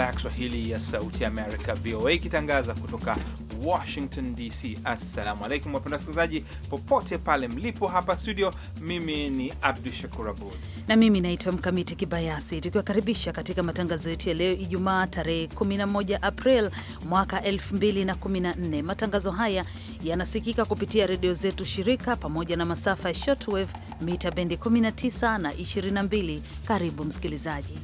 idhaa ya Kiswahili ya Sauti Amerika, VOA, ikitangaza kutoka Washington DC. Assalamu alaikum wapenda wasikilizaji popote pale mlipo. Hapa studio, mimi ni Abdu Shakur Abud na mimi naitwa Mkamiti Kibayasi, tukiwakaribisha katika matangazo yetu ya leo Ijumaa tarehe 11 April mwaka 2014. Matangazo haya yanasikika kupitia redio zetu shirika pamoja na masafa ya shortwave mita bendi 19 na 22. Karibu msikilizaji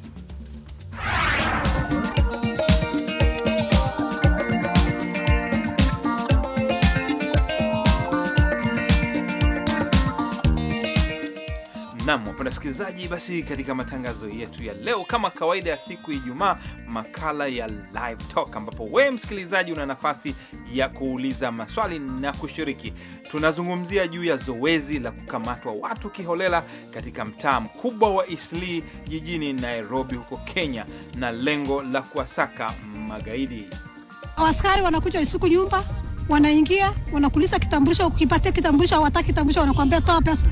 Nam wapenda sikilizaji, basi katika matangazo yetu ya leo, kama kawaida ya siku ya Ijumaa, makala ya Live Talk, ambapo wewe msikilizaji una nafasi ya kuuliza maswali na kushiriki. Tunazungumzia juu ya zoezi la kukamatwa watu kiholela katika mtaa mkubwa wa Isli jijini Nairobi huko Kenya, na lengo la kuwasaka magaidi. Askari wanakuja isuku nyumba, wanaingia, wanakuuliza kitambulisho, ukipatia kitambulisho, hawataki kitambulisho, wanakuambia toa pesa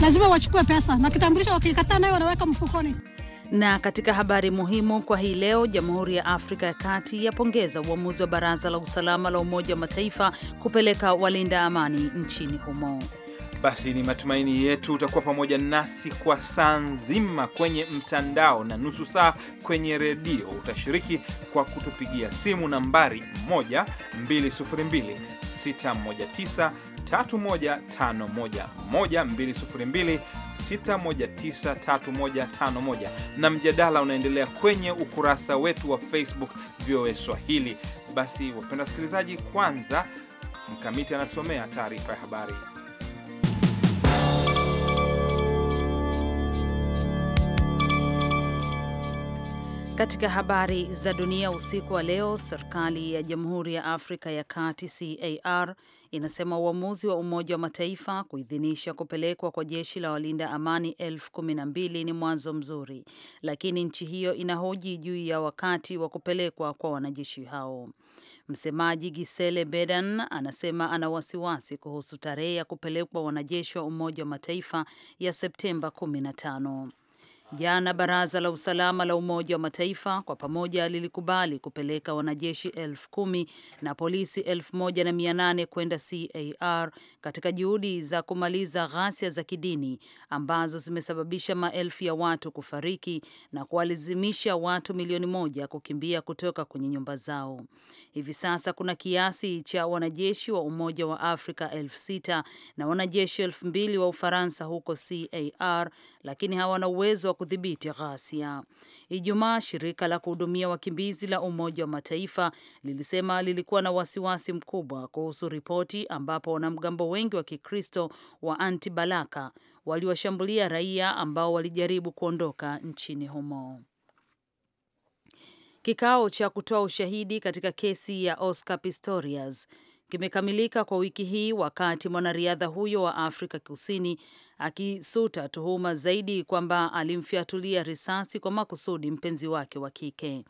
lazima wachukue pesa na kitambulisho, wakikataa nayo wanaweka mfukoni. Na katika habari muhimu kwa hii leo, Jamhuri ya Afrika ya Kati yapongeza uamuzi wa Baraza la Usalama la Umoja wa Mataifa kupeleka walinda amani nchini humo. Basi ni matumaini yetu utakuwa pamoja nasi kwa saa nzima kwenye mtandao na nusu saa kwenye redio. Utashiriki kwa kutupigia simu nambari 1 na mjadala unaendelea kwenye ukurasa wetu wa Facebook VOA Swahili. Basi wapenda wasikilizaji, kwanza Mkamiti anatusomea taarifa ya habari. Katika habari za dunia usiku wa leo, serikali ya Jamhuri ya Afrika ya Kati CAR inasema uamuzi wa Umoja wa Mataifa kuidhinisha kupelekwa kwa jeshi la walinda amani elfu kumi na mbili ni mwanzo mzuri, lakini nchi hiyo inahoji juu ya wakati wa kupelekwa kwa wanajeshi hao. Msemaji Gisele Bedan anasema ana wasiwasi kuhusu tarehe ya kupelekwa wanajeshi wa Umoja wa Mataifa ya Septemba kumi na tano. Jana baraza la usalama la Umoja wa Mataifa kwa pamoja lilikubali kupeleka wanajeshi elfu kumi na polisi elfu moja na mia nane kwenda CAR katika juhudi za kumaliza ghasia za kidini ambazo zimesababisha maelfu ya watu kufariki na kuwalazimisha watu milioni moja kukimbia kutoka kwenye nyumba zao. Hivi sasa kuna kiasi cha wanajeshi wa Umoja wa Afrika elfu sita na wanajeshi elfu mbili wa Ufaransa huko CAR, lakini hawana uwezo kudhibiti ghasia. Ijumaa, shirika la kuhudumia wakimbizi la Umoja wa Mataifa lilisema lilikuwa na wasiwasi mkubwa kuhusu ripoti ambapo wanamgambo wengi wa Kikristo wa Anti-Balaka waliwashambulia raia ambao walijaribu kuondoka nchini humo. Kikao cha kutoa ushahidi katika kesi ya Oscar Pistorius kimekamilika kwa wiki hii wakati mwanariadha huyo wa Afrika Kusini akisuta tuhuma zaidi kwamba alimfyatulia risasi kwa makusudi mpenzi wake wa kike.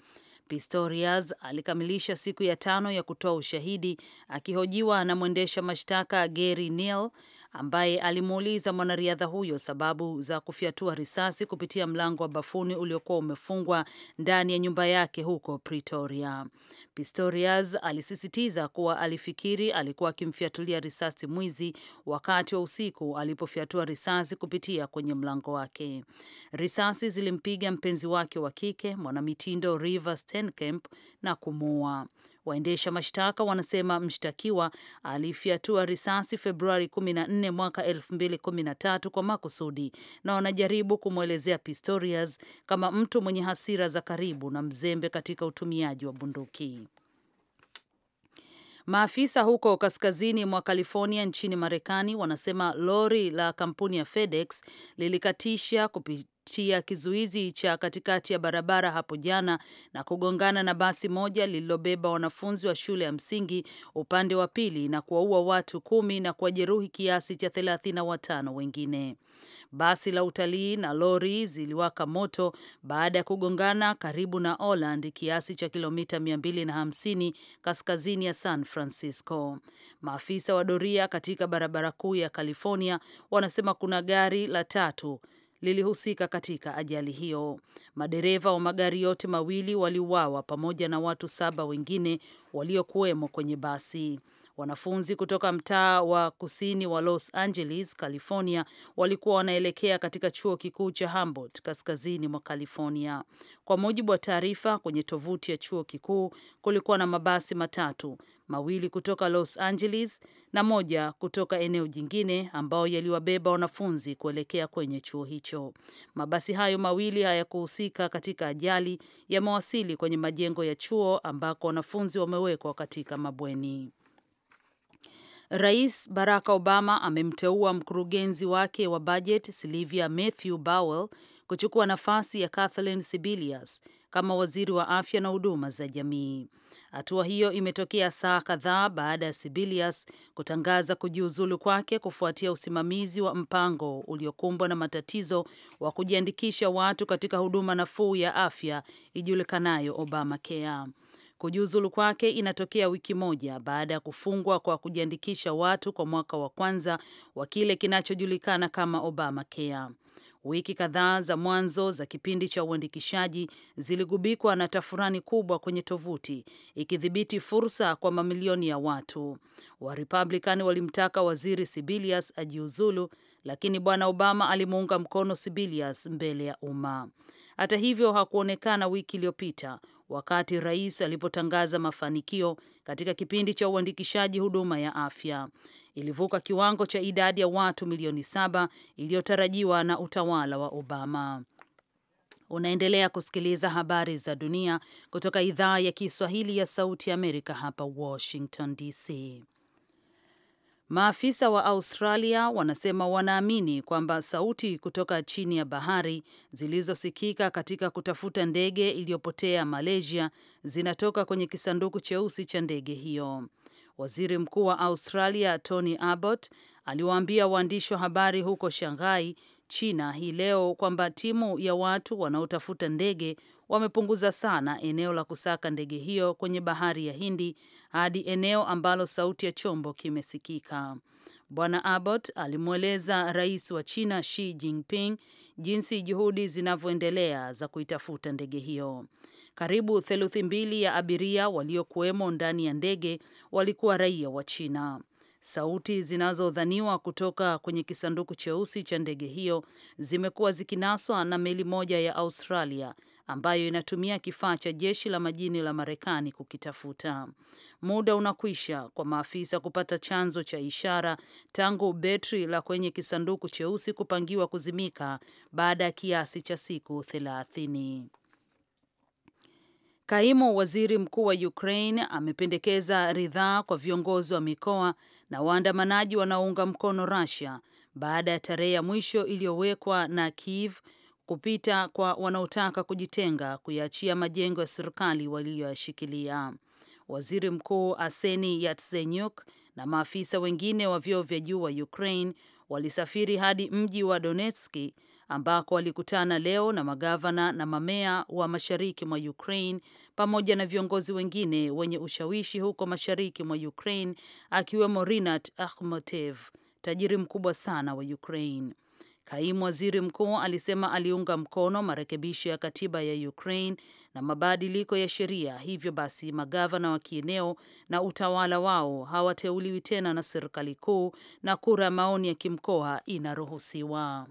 Pistorius alikamilisha siku ya tano ya kutoa ushahidi akihojiwa na mwendesha mashtaka Gary Neal ambaye alimuuliza mwanariadha huyo sababu za kufyatua risasi kupitia mlango wa bafuni uliokuwa umefungwa ndani ya nyumba yake huko Pretoria. Pistorius alisisitiza kuwa alifikiri alikuwa akimfyatulia risasi mwizi wakati wa usiku alipofyatua risasi kupitia kwenye mlango wake. Risasi zilimpiga mpenzi wake wa kike mwanamitindo River Steenkamp na kumuua. Waendesha mashtaka wanasema mshtakiwa alifyatua risasi Februari 14 mwaka 2013 kwa makusudi na wanajaribu kumwelezea Pistorius kama mtu mwenye hasira za karibu na mzembe katika utumiaji wa bunduki. Maafisa huko kaskazini mwa California nchini Marekani wanasema lori la kampuni ya FedEx lilikatisha kupita kupitia kizuizi cha katikati ya barabara hapo jana na kugongana na basi moja lililobeba wanafunzi wa shule ya msingi upande wa pili na kuwaua watu kumi na kuwajeruhi kiasi cha thelathini na watano wengine. Basi la utalii na lori ziliwaka moto baada ya kugongana karibu na Oland, kiasi cha kilomita 250 kaskazini ya San Francisco. Maafisa wa doria katika barabara kuu ya California wanasema kuna gari la tatu lilihusika katika ajali hiyo. Madereva wa magari yote mawili waliuawa pamoja na watu saba wengine waliokuwemo kwenye basi. Wanafunzi kutoka mtaa wa kusini wa Los Angeles, California, walikuwa wanaelekea katika chuo kikuu cha Humboldt kaskazini mwa California. Kwa mujibu wa taarifa kwenye tovuti ya chuo kikuu, kulikuwa na mabasi matatu, mawili kutoka Los Angeles na moja kutoka eneo jingine, ambayo yaliwabeba wanafunzi kuelekea kwenye chuo hicho. Mabasi hayo mawili hayakuhusika katika ajali, yamewasili kwenye majengo ya chuo ambako wanafunzi wamewekwa katika mabweni. Rais Barack Obama amemteua mkurugenzi wake wa bajeti Sylvia Matthew Powell kuchukua nafasi ya Kathleen Sebelius kama waziri wa afya na huduma za jamii. Hatua hiyo imetokea saa kadhaa baada ya Sibilias kutangaza kujiuzulu kwake kufuatia usimamizi wa mpango uliokumbwa na matatizo wa kujiandikisha watu katika huduma nafuu ya afya ijulikanayo Obamacare. Kujiuzulu kwake inatokea wiki moja baada ya kufungwa kwa kujiandikisha watu kwa mwaka wa kwanza wa kile kinachojulikana kama Obamacare. Wiki kadhaa za mwanzo za kipindi cha uandikishaji ziligubikwa na tafurani kubwa kwenye tovuti, ikidhibiti fursa kwa mamilioni ya watu. Warepublican walimtaka waziri Sibilius ajiuzulu, lakini bwana Obama alimuunga mkono Sibilius mbele ya umma. Hata hivyo, hakuonekana wiki iliyopita wakati rais alipotangaza mafanikio katika kipindi cha uandikishaji huduma ya afya. Ilivuka kiwango cha idadi ya watu milioni saba iliyotarajiwa na utawala wa Obama. Unaendelea kusikiliza habari za dunia kutoka idhaa ya Kiswahili ya Sauti ya Amerika hapa Washington DC. Maafisa wa Australia wanasema wanaamini kwamba sauti kutoka chini ya bahari zilizosikika katika kutafuta ndege iliyopotea Malaysia zinatoka kwenye kisanduku cheusi cha ndege hiyo. Waziri Mkuu wa Australia Tony Abbott aliwaambia waandishi wa habari huko Shanghai China hii leo kwamba timu ya watu wanaotafuta ndege wamepunguza sana eneo la kusaka ndege hiyo kwenye bahari ya Hindi hadi eneo ambalo sauti ya chombo kimesikika. Bwana Abbott alimweleza rais wa China Xi Jinping jinsi juhudi zinavyoendelea za kuitafuta ndege hiyo. Karibu theluthi mbili ya abiria waliokuwemo ndani ya ndege walikuwa raia wa China. Sauti zinazodhaniwa kutoka kwenye kisanduku cheusi cha ndege hiyo zimekuwa zikinaswa na meli moja ya Australia ambayo inatumia kifaa cha jeshi la majini la Marekani kukitafuta. Muda unakwisha kwa maafisa kupata chanzo cha ishara tangu betri la kwenye kisanduku cheusi kupangiwa kuzimika baada ya kiasi cha siku thelathini. Kaimu waziri mkuu wa Ukraine amependekeza ridhaa kwa viongozi wa mikoa na waandamanaji wanaounga mkono Russia baada ya tarehe ya mwisho iliyowekwa na Kiev kupita kwa wanaotaka kujitenga kuyaachia majengo ya serikali waliyoyashikilia. Waziri Mkuu arseni Yatsenyuk na maafisa wengine wa vyeo vya juu wa Ukraine walisafiri hadi mji wa Donetski ambako walikutana leo na magavana na mamea wa mashariki mwa Ukraine pamoja na viongozi wengine wenye ushawishi huko mashariki mwa Ukraine, akiwemo Rinat Akhmetev, tajiri mkubwa sana wa Ukraine. Kaimu waziri mkuu alisema aliunga mkono marekebisho ya katiba ya Ukraine na mabadiliko ya sheria, hivyo basi magavana wa kieneo na utawala wao hawateuliwi tena na serikali kuu na kura ya maoni ya kimkoa inaruhusiwa.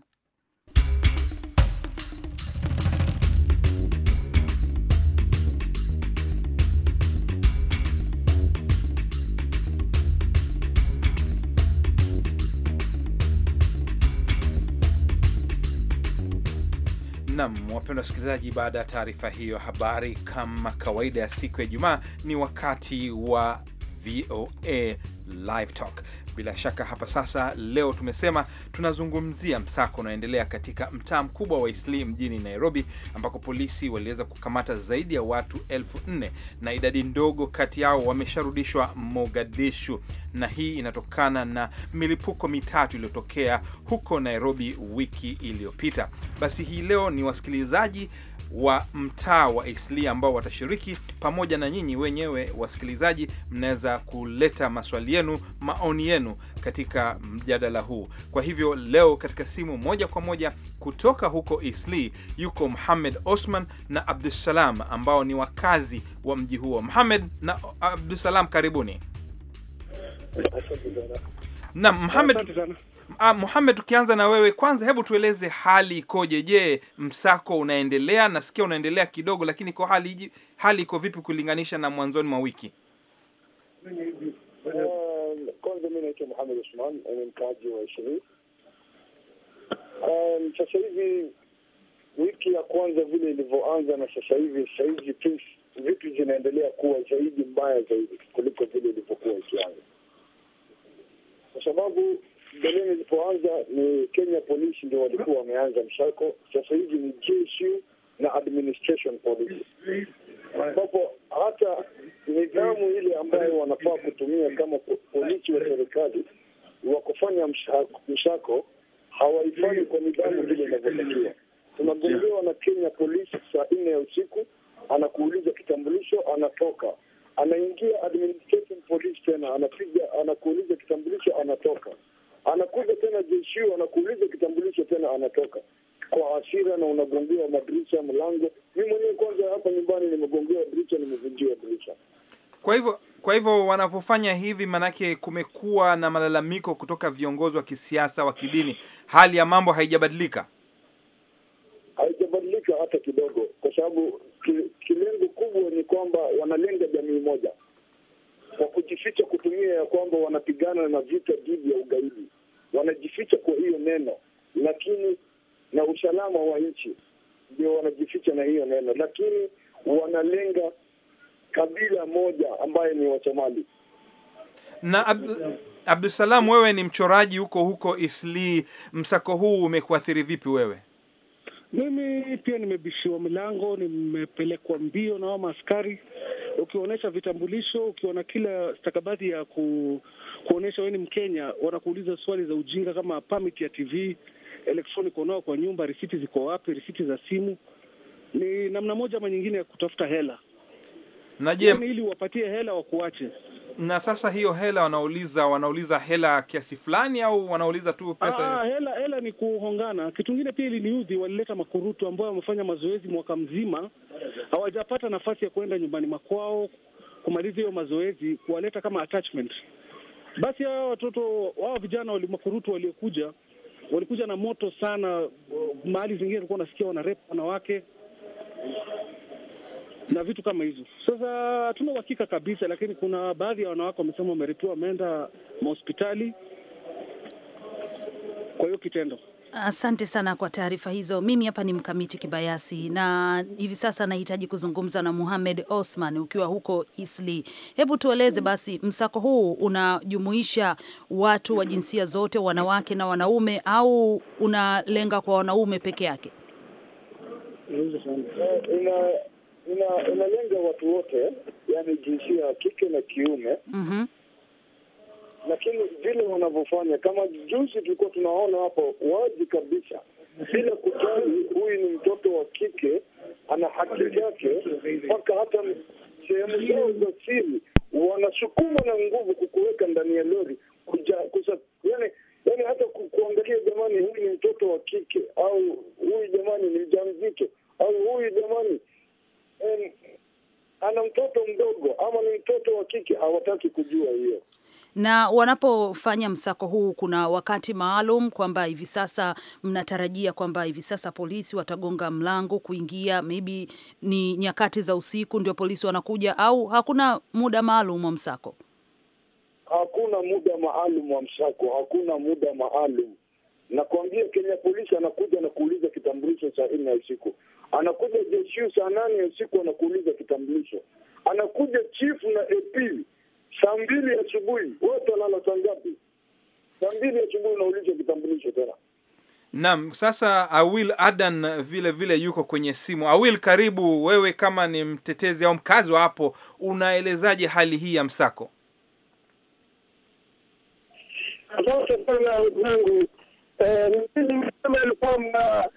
Nam, wapendwa wasikilizaji, baada ya taarifa hiyo habari, kama kawaida ya siku ya Ijumaa, ni wakati wa VOA Live Talk. Bila shaka hapa sasa, leo tumesema tunazungumzia msako unaoendelea katika mtaa mkubwa wa Isli mjini Nairobi, ambako polisi waliweza kukamata zaidi ya watu elfu nne na idadi ndogo kati yao wamesharudishwa Mogadishu, na hii inatokana na milipuko mitatu iliyotokea huko Nairobi wiki iliyopita. Basi hii leo ni wasikilizaji wa mtaa wa Islia ambao watashiriki pamoja na nyinyi wenyewe wasikilizaji. Mnaweza kuleta maswali yenu, maoni yenu katika mjadala huu. Kwa hivyo leo katika simu moja kwa moja kutoka huko Isli yuko Muhamed Osman na Abdusalam ambao ni wakazi wa mji huo. Muhamed na Abdusalam, karibuni. Naam, Muhamed Ah, Muhammad, tukianza na wewe kwanza, hebu tueleze hali ikoje? Je, msako unaendelea? Nasikia unaendelea kidogo, lakini kwa hali hali iko vipi kulinganisha na mwanzoni mwa wiki? Kwanza mi naitwa Muhammad Usman, ni mkaaji wa um, Sasa hivi wiki ya kwanza vile ilivyoanza na sasa hivi, sasa hivi vitu zinaendelea kuwa zaidi mbaya zaidi kuliko vile ilivyokuwa ikianza, kwa sababu Mbeleni ilipoanza ni Kenya polisi ndio walikuwa wameanza msako. Sasa hivi ni JSU na administration police, ambapo hata nidhamu ile ambayo wanafaa kutumia kama polisi wa serikali wa kufanya msako, msako hawaifanyi kwa nidhamu vile inavyotakiwa. Tunagongewa na Kenya polisi saa nne ya usiku, anakuuliza kitambulisho, anatoka anaingia admin unatoka kwa hasira na unagongea madirisha, mlango. Mi mwenyewe kwanza hapa nyumbani nimegongea dirisha, nimevunjia dirisha. Kwa hivyo kwa hivyo wanapofanya hivi, maanake kumekuwa na malalamiko kutoka viongozi wa kisiasa wa kidini. Hali ya mambo haijabadilika, haijabadilika hata kidogo, kwa sababu kilengo kubwa ni kwamba wanalenga jamii moja kwa kujificha, kutumia ya kwamba wanapigana na vita dhidi ya ugaidi, wanajificha kwa hiyo neno lakini na usalama wa nchi, ndio wanajificha na hiyo neno, lakini wanalenga kabila moja ambaye ni Wasomali na ab Abdusalam, wewe ni mchoraji huko huko Isli, msako huu umekuathiri vipi wewe? Mimi pia nimebishiwa milango, nimepelekwa mbio na wa maaskari. ukionyesha vitambulisho, ukiona kila stakabadhi ya ku, kuonyesha wewe ni Mkenya, wanakuuliza swali za ujinga kama permit ya TV elektroni unao kwa nyumba, risiti ziko wapi, risiti za simu. Ni namna moja ama nyingine ya kutafuta hela na je, yaani ili wapatie hela wakuache. Na sasa hiyo hela wanauliza, wanauliza hela kiasi fulani au wanauliza tu pesa? Aa, ah, hela hela ni kuhongana. Kitu kingine pia iliniudhi, walileta makurutu ambao wamefanya mazoezi mwaka mzima, hawajapata nafasi ya kuenda nyumbani makwao kumaliza hiyo mazoezi, kuwaleta kama attachment. Basi hao watoto wao vijana wali makurutu waliokuja walikuja na moto sana. Mahali zingine tulikuwa unasikia wanarepa wanawake na vitu kama hizo. Sasa hatuna uhakika kabisa, lakini kuna baadhi ya wanawake wamesema wameripiwa, wameenda mahospitali kwa hiyo kitendo. Asante sana kwa taarifa hizo. Mimi hapa ni Mkamiti Kibayasi na hivi sasa nahitaji kuzungumza na Muhamed Osman ukiwa huko Isli. Hebu tueleze basi, msako huu unajumuisha watu wa jinsia zote, wanawake na wanaume, au unalenga kwa wanaume peke yake? Inalenga watu wote, yani jinsia ya kike na kiume. mm -hmm lakini vile wanavyofanya, kama juzi tulikuwa tunaona hapo wazi kabisa, bila kujali huyu ni mtoto wa kike, ana haki yake, mpaka hata sehemu zao za siri wanasukuma na nguvu kukuweka ndani ya lori kuja, kusa, yani, yani hata kuangalia, jamani, huyu ni mtoto wa kike au huyu jamani ni mjamzito au huyu jamani ana mtoto mdogo ama ni mtoto wa kike, hawataki kujua hiyo. Na wanapofanya msako huu, kuna wakati maalum kwamba hivi sasa mnatarajia kwamba hivi sasa polisi watagonga mlango kuingia, maybe ni nyakati za usiku ndio polisi wanakuja, au hakuna muda maalum wa msako? Hakuna muda maalum wa msako, hakuna muda maalum Nakwambia, Kenya polisi anakuja na kuuliza kitambulisho saa nne ya usiku, anakuja jeshi saa nane ya usiku, anakuuliza kitambulisho, anakuja chifu na AP saa mbili asubuhi wote walala saa ngapi? Saa mbili asubuhi unaulizwa kitambulisho tena. Naam, sasa Awil Adan vile vile yuko kwenye simu. Awil, karibu wewe, kama ni mtetezi au mkazi wa hapo, unaelezaje hali hii ya msako? Asante sana wenzangu, eh, nisema ni kwamba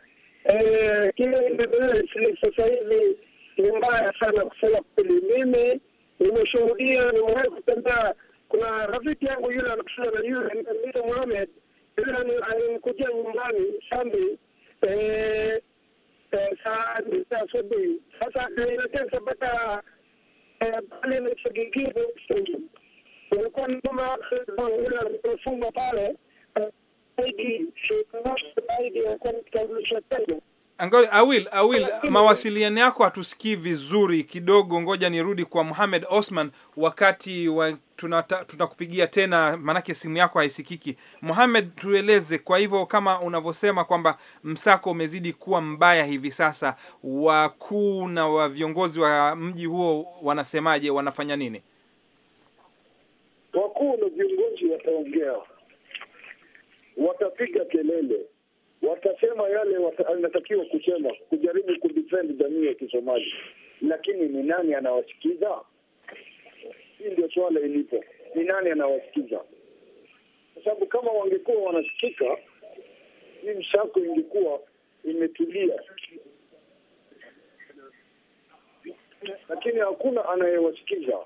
eh, kile sasa hivi ni mbaya sana kusema kweli, mimi nimeshuhudia, nimewahi kutembea. Kuna rafiki yangu yule anakushia na yule Mbito Mohamed yule alinikujia nyumbani Shambi ee, ee, saa nisa asubuhi. Sasa akaelekeza mpaka eh, pale nilichokigiza walikuwa nyuma yule alipofungwa pale zaidi zaidi alikuwa nikitambulisha tena I awil awil, Mawasiliano yako hatusikii vizuri kidogo, ngoja nirudi kwa muhamed Osman wakati wa tunakupigia tuna tena, maanake simu yako haisikiki. Mohamed, tueleze kwa hivyo, kama unavyosema kwamba msako umezidi kuwa mbaya hivi sasa, wakuu na wa viongozi wa mji huo wanasemaje? Wanafanya nini? Wakuu na viongozi wataongea, watapiga kelele watasema yale wanatakiwa kusema, kujaribu kudefend jamii ya Kisomali, lakini ni nani anawasikiza? Hii ndio swala ilipo, ni nani anawasikiza? Kwa sababu kama wangekuwa wanasikika, hii msako ingekuwa imetulia, lakini hakuna anayewasikiza.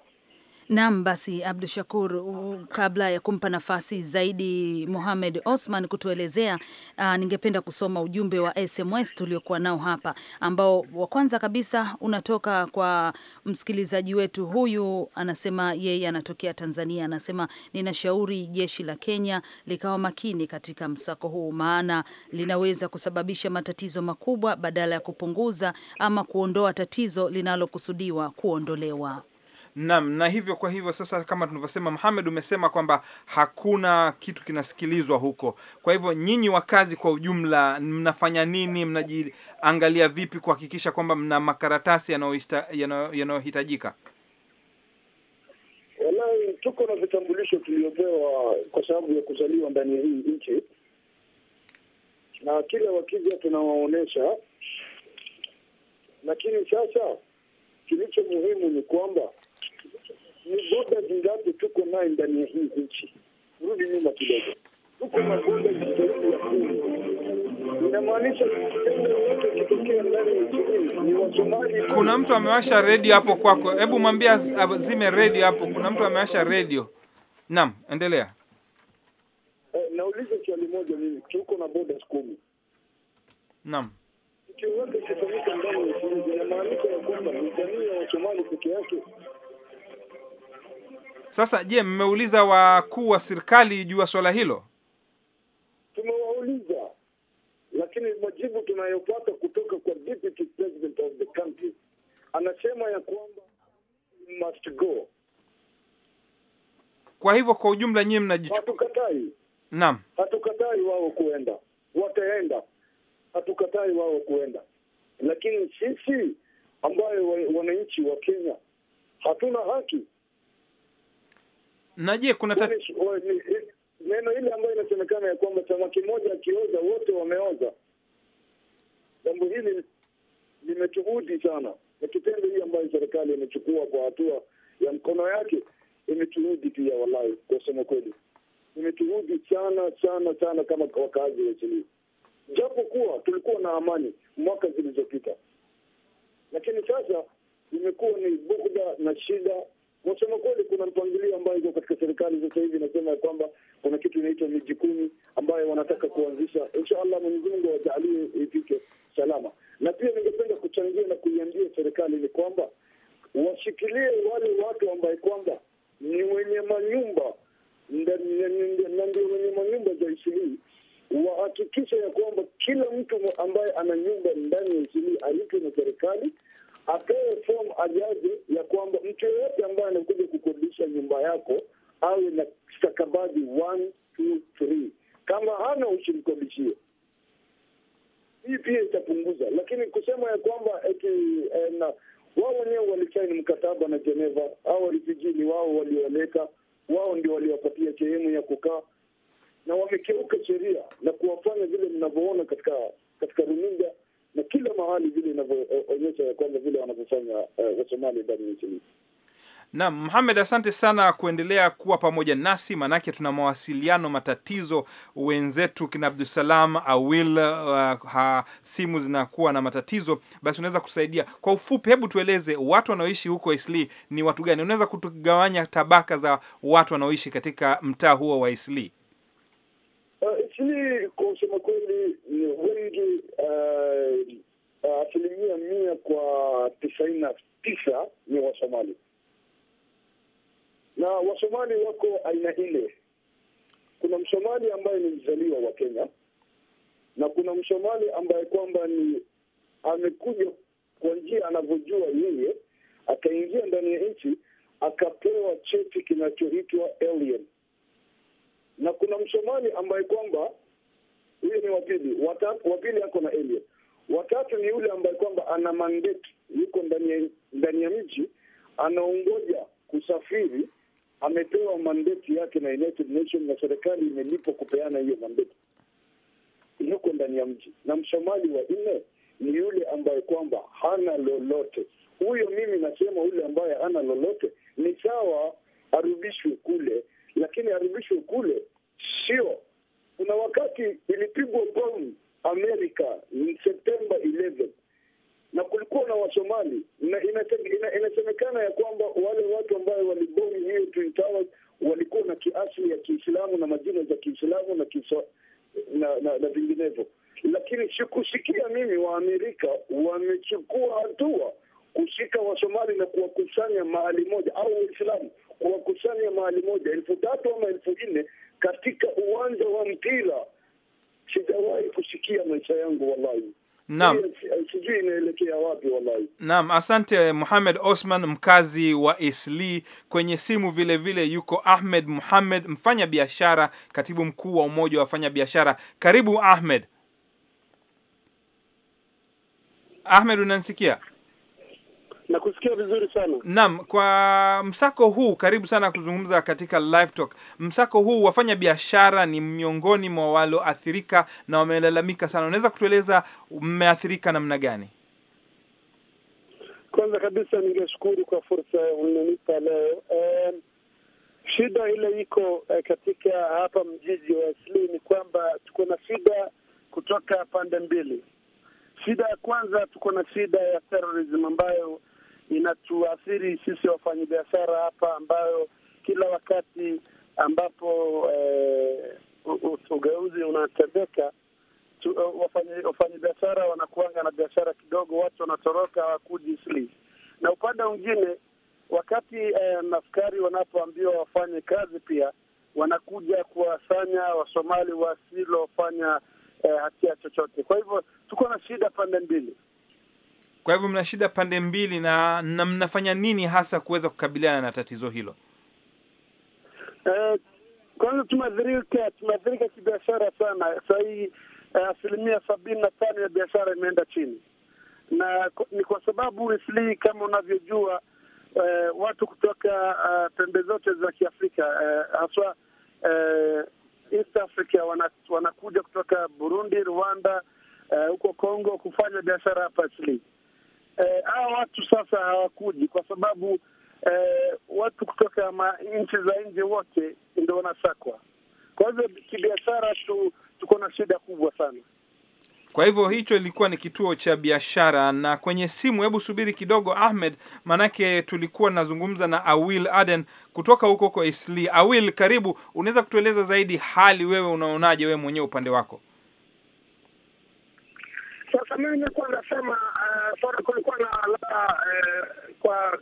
Naam, basi Abdu Shakur, kabla ya kumpa nafasi zaidi muhamed Osman kutuelezea, uh, ningependa kusoma ujumbe wa SMS tuliokuwa nao hapa, ambao wa kwanza kabisa unatoka kwa msikilizaji wetu huyu, anasema yeye anatokea Tanzania, anasema ninashauri jeshi la Kenya likawa makini katika msako huu, maana linaweza kusababisha matatizo makubwa badala ya kupunguza ama kuondoa tatizo linalokusudiwa kuondolewa. Naam, na hivyo kwa hivyo sasa, kama tunavyosema, Muhammad, umesema kwamba hakuna kitu kinasikilizwa huko. Kwa hivyo nyinyi wakazi kwa ujumla, mnafanya nini? Mnajiangalia vipi kuhakikisha kwamba mna makaratasi yanayohitajika? Wallahi, tuko na vitambulisho tuliopewa kwa sababu ya kuzaliwa ndani ya hii nchi, na kila wakija tunawaonyesha, lakini sasa kilicho muhimu ni kwamba migogoro zingapi tuko naye ndani ya hii nchi? Rudi nyuma kidogo, tuko na migogoro zaidi ya kumi. Inamaanisha Kuna mtu amewasha redio hapo kwako, hebu mwambie zime redio hapo. Kuna mtu amewasha redio. Naam, endelea. Eh, nauliza swali moja mimi, tuko na borders kumi. Naam chochote kifanyika ndani ya nchi inamaanisha ya kwamba ni jamii ya Wasomali peke yake sasa je, mmeuliza wakuu wa serikali juu ya swala hilo? Tumewauliza, lakini majibu tunayopata kutoka kwa deputy president of the country anasema ya kwamba must go. Kwa hivyo kwa ujumla nyie mnajichukua? Hatukatai, naam, hatukatai wao kuenda, wataenda, hatukatai wao kuenda, lakini sisi ambayo wananchi wa Kenya hatuna haki na je, kuna ta... Oh, neno ile ambayo inasemekana ya kwamba samaki moja akioza wote wameoza, jambo hili limetuhudi sana, na kitendo hii ambayo serikali imechukua kwa hatua ya mkono yake imetuhudi pia, wallahi, kwa kusema kweli imetuhudi sana sana sana kama wakaazi wa Simiyu, japo kuwa tulikuwa na amani mwaka zilizopita, lakini sasa imekuwa ni bughudha na shida Kusema kweli, kuna mpangilio ambayo iko katika serikali sasa hivi inasema ya kwamba kuna kitu inaitwa miji kumi ambayo wanataka kuanzisha. insha Mwenyezi Mungu awajalie ifike salama. Na pia ningependa kuchangia na kuiambia serikali ni kwamba washikilie wale watu ambaye kwamba ni wenye manyumba na ndio wenye manyumba za Isilii, wahakikisha ya kwamba kila mtu ambaye ana nyumba ndani ya Isilii alipwe na serikali apewe fomu ajaze ya kwamba mtu yeyote ambaye anakuja kukodisha nyumba yako awe na stakabadhi 1 kama hana usimkodishie. Hii pia itapunguza, lakini kusema ya kwamba eti eh, na wao wenyewe walisaini mkataba na Geneva au refugee ni wao walioleta, wao ndio waliwapatia sehemu ya kukaa, na wamekeuka sheria na kuwafanya vile mnavyoona katika katika runinga na kila mahali vile inavyoonyesha ya kwamba vile wanavyofanya uh, Wasomali ndani ya nchi hii. Naam, asante sana kuendelea kuwa pamoja nasi, maanake tuna mawasiliano matatizo. Wenzetu kina Abdusalam Awil, uh, ha, simu zinakuwa na matatizo, basi unaweza kusaidia kwa ufupi. Hebu tueleze watu wanaoishi huko Isli ni watu gani? Unaweza kutugawanya tabaka za watu wanaoishi katika mtaa huo wa Isli? asilimia mia kwa tisaini na tisa ni Wasomali na Wasomali wako aina ile. Kuna Msomali ambaye ni mzaliwa wa Kenya na kuna Msomali ambaye kwamba ni amekuja kwa njia anavyojua yeye, akaingia ndani ya nchi akapewa cheti kinachoitwa alien, na kuna Msomali ambaye kwamba huyo ni wapili, wapili ako na alien Watatu ni yule ambaye kwamba ana mandeti yuko ndani ya mji, anaongoja kusafiri, amepewa mandeti yake na United Nations na serikali imelipa kupeana hiyo mandeti yuko ndani ya mji. Na msomali wa nne ni yule ambaye kwamba hana lolote. Huyo mimi nasema yule ambaye hana lolote ni sawa, arudishwe kule, lakini arudishwe kule sio. Kuna wakati ilipigwa bomu Amerika September 11 na kulikuwa na Wasomali na inasemekana ina, ina ya kwamba wale watu ambayo walibomu hiyo Twin Towers walikuwa na kiasili ya Kiislamu na majina za Kiislamu na kiswa, na, na, na vinginevyo, lakini sikusikia mimi Waamerika wamechukua hatua kushika Wasomali na kuwakusanya mahali moja au Waislamu kuwakusanya mahali moja elfu tatu ama elfu nne katika uwanja wa mpira sijawahi kusikia maisha yangu wallahi. Naam, sijui inaelekea wapi wallahi. Naam, asante eh, Muhamed Osman, mkazi wa Isli. Kwenye simu vile vile yuko Ahmed Muhammad mfanya biashara, katibu mkuu wa umoja wa wafanya biashara. Karibu Ahmed. Ahmed, unanisikia? nakusikia vizuri sana. Naam, kwa msako huu, karibu sana kuzungumza katika Live Talk. Msako huu, wafanya biashara ni miongoni mwa walioathirika na wamelalamika sana. Unaweza kutueleza mmeathirika namna gani? Kwanza kabisa ningeshukuru kwa fursa ulionipa leo. E, shida ile iko e, katika hapa mjiji wa Isli ni kwamba tuko na shida kutoka pande mbili. Shida ya kwanza, tuko na shida ya terrorism ambayo inatuathiri sisi wafanyabiashara hapa, ambayo kila wakati ambapo eh, ugeuzi unatendeka eh, wafanyabiashara wanakuanga na biashara kidogo, watu wanatoroka sli. Na upande mwingine, wakati eh, nafikari wanapoambiwa wafanye kazi, pia wanakuja kuwasanya wasomali wasilofanya eh, hatia chochote. Kwa hivyo tuko na shida pande mbili. Kwa hivyo mna shida pande mbili na, na mnafanya nini hasa kuweza kukabiliana na tatizo hilo? Uh, kwanza tumeathirika tumeathirika kibiashara sana sahii. Uh, asilimia sabini na tano ya biashara imeenda chini, na ni kwa sababu isli kama unavyojua uh, watu kutoka uh, pembe zote za Kiafrika haswa uh, East Africa wanakuja kutoka Burundi, Rwanda huko uh, kufanya biashara hapa asli Eh, hawa eh, watu sasa hawakuji kwa sababu eh, watu kutoka nchi za nje wote ndo wanasakwa. Kwa hivyo kibiashara tu, tuko na shida kubwa sana. Kwa hivyo hicho ilikuwa ni kituo cha biashara. Na kwenye simu, hebu subiri kidogo Ahmed, maanake tulikuwa nazungumza na Awil Aden kutoka huko kwa Isli. Awil, karibu, unaweza kutueleza zaidi hali, wewe unaonaje wewe mwenyewe upande wako? Sasa mimi kwanza sema bora kulikuwa na labda eh, kwa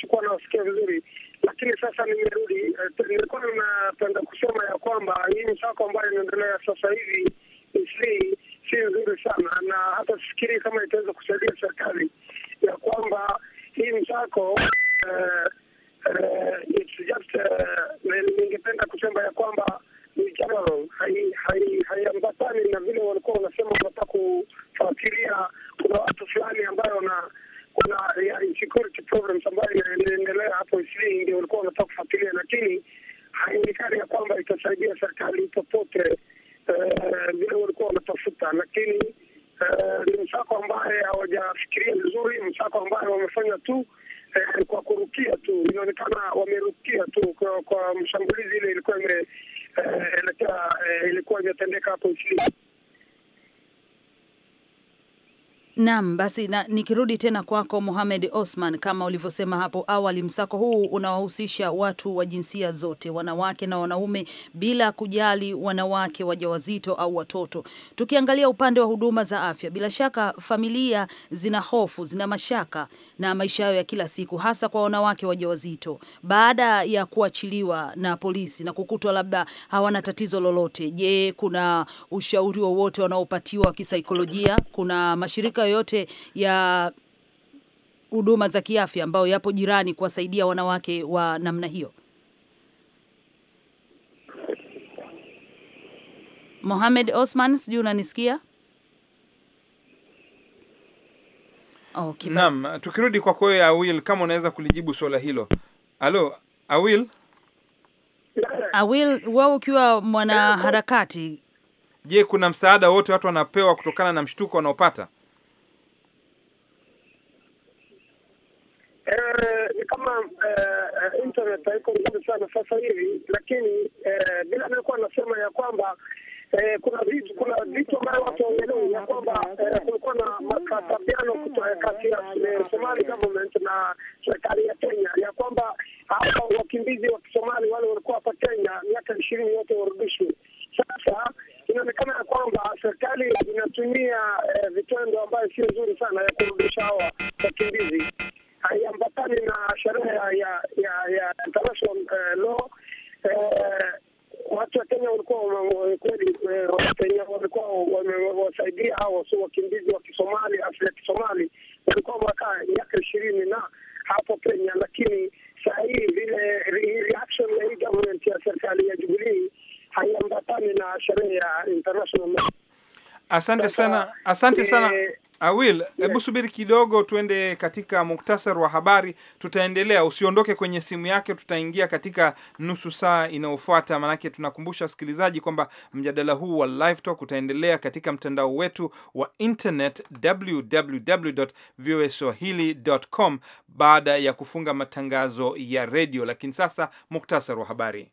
sikuwa eh, nawasikia vizuri, lakini sasa nimerudi. Eh, nilikuwa ninapenda kusema ya kwamba hii msako ambayo inaendelea sasa hivi si si nzuri sana, na hata sifikiri kama itaweza kusaidia serikali ya kwamba hii msako ningependa kusema ya kwamba Basi na nikirudi tena kwako Mohamed Osman, kama ulivyosema hapo awali, msako huu unawahusisha watu wa jinsia zote, wanawake na wanaume, bila kujali wanawake wajawazito au watoto. Tukiangalia upande wa huduma za afya, bila shaka familia zina hofu, zina mashaka na maisha yao ya kila siku, hasa kwa wanawake wajawazito. Baada ya kuachiliwa na polisi na kukutwa labda hawana tatizo lolote, je, kuna ushauri wowote wanaopatiwa kisaikolojia? Kuna mashirika yoyote ya huduma za kiafya ambayo yapo jirani kuwasaidia wanawake wa namna hiyo? Mohamed Osman, sijui unanisikia? Okay, oh, naam, tukirudi kwako ya Awil, kama unaweza kulijibu swala hilo. Halo Awil, Awil, wewe ukiwa mwanaharakati, je, kuna msaada wote watu wanapewa kutokana na mshtuko wanaopata? Eh, ni kama eh, internet haiko nzuri sana sasa hivi, lakini bila eh, nilikuwa nasema ya kwamba kuna vitu kuna vitu ambayo watu waongelei ya kwamba kulikuwa na makatabiano kati ya Somali government na serikali ya Kenya ya kwamba hawa wakimbizi wa Kisomali wale walikuwa hapa Kenya miaka ishirini yote warudishwe. Sasa inaonekana ya kwamba serikali inatumia vitendo ambayo sio nzuri sana ya kurudisha hawa wakimbizi haiambatani na sheria ya ya ya international eh, law. Eh, watu wa Kenya walikuwa kweli, eh, Wakenya walikuwa wamewasaidia hao si wakimbizi wa Kisomali, asili ya Kisomali, walikuwa wamekaa miaka ishirini na hapo Kenya, lakini saa hii vile reaction ya hii government ya serikali ya Jubilii haiambatani na sheria ya international law. Asante sana, asante eh, sana Awil, ah, hebu subiri kidogo, tuende katika muktasari wa habari. Tutaendelea, usiondoke kwenye simu yake, tutaingia katika nusu saa inayofuata. Maanake tunakumbusha wasikilizaji kwamba mjadala huu wa Live Talk utaendelea katika mtandao wetu wa internet www.voaswahili.com baada ya kufunga matangazo ya redio. Lakini sasa muktasari wa habari.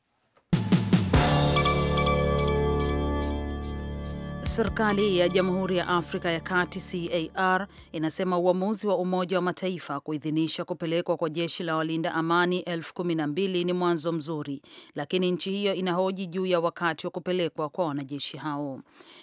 Serikali ya Jamhuri ya Afrika ya Kati CAR inasema uamuzi wa Umoja wa Mataifa kuidhinisha kupelekwa kwa jeshi la walinda amani elfu kumi na mbili ni mwanzo mzuri, lakini nchi hiyo inahoji juu ya wakati wa kupelekwa kwa wanajeshi hao.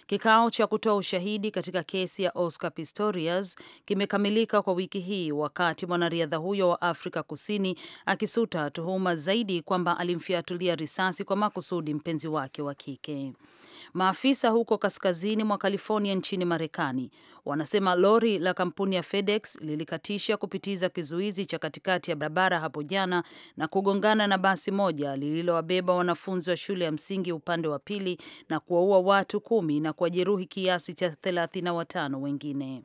Kikao cha kutoa ushahidi katika kesi ya Oscar Pistorius kimekamilika kwa wiki hii, wakati mwanariadha huyo wa Afrika Kusini akisuta tuhuma zaidi kwamba alimfiatulia risasi kwa makusudi mpenzi wake wa kike. Maafisa huko kaskazini mwa California nchini Marekani wanasema lori la kampuni ya FedEx lilikatisha kupitiza kizuizi cha katikati ya barabara hapo jana na kugongana na basi moja lililowabeba wanafunzi wa shule ya msingi upande wa pili na kuwaua watu kumi na kuwajeruhi kiasi cha thelathini na watano wengine.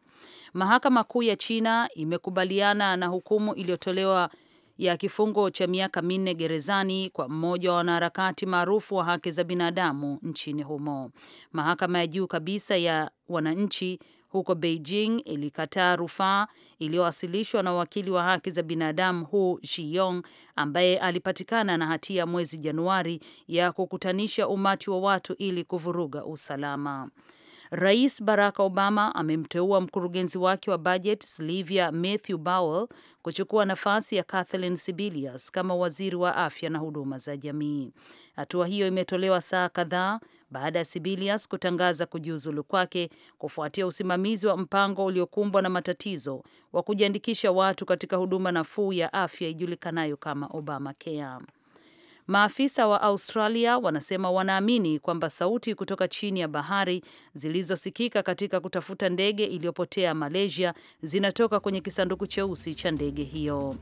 Mahakama Kuu ya China imekubaliana na hukumu iliyotolewa ya kifungo cha miaka minne gerezani kwa mmoja wa wanaharakati maarufu wa haki za binadamu nchini humo. Mahakama ya juu kabisa ya wananchi huko Beijing ilikataa rufaa iliyowasilishwa na wakili wa haki za binadamu Hu Shiyong ambaye alipatikana na hatia mwezi Januari ya kukutanisha umati wa watu ili kuvuruga usalama. Rais Barack Obama amemteua mkurugenzi wake wa bajeti Slivia Matthew Powell kuchukua nafasi ya Kathleen Sibilias kama waziri wa afya na huduma za jamii. Hatua hiyo imetolewa saa kadhaa baada ya Sibilias kutangaza kujiuzulu kwake kufuatia usimamizi wa mpango uliokumbwa na matatizo wa kujiandikisha watu katika huduma nafuu ya afya ijulikanayo kama Obamacare. Maafisa wa Australia wanasema wanaamini kwamba sauti kutoka chini ya bahari zilizosikika katika kutafuta ndege iliyopotea Malaysia zinatoka kwenye kisanduku cheusi cha ndege hiyo.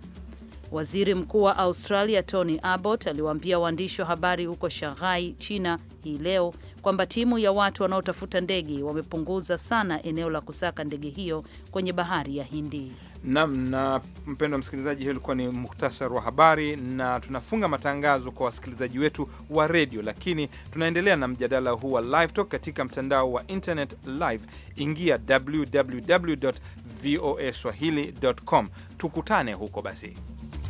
Waziri Mkuu wa Australia Tony Abbott aliwaambia waandishi wa habari huko Shanghai, China hii leo kwamba timu ya watu wanaotafuta ndege wamepunguza sana eneo la kusaka ndege hiyo kwenye bahari ya Hindi. Nam na mpendwa msikilizaji, hiyo ilikuwa ni muktasar wa habari, na tunafunga matangazo kwa wasikilizaji wetu wa redio, lakini tunaendelea na mjadala huu wa live talk katika mtandao wa internet live. Ingia www voa tukutane huko basi.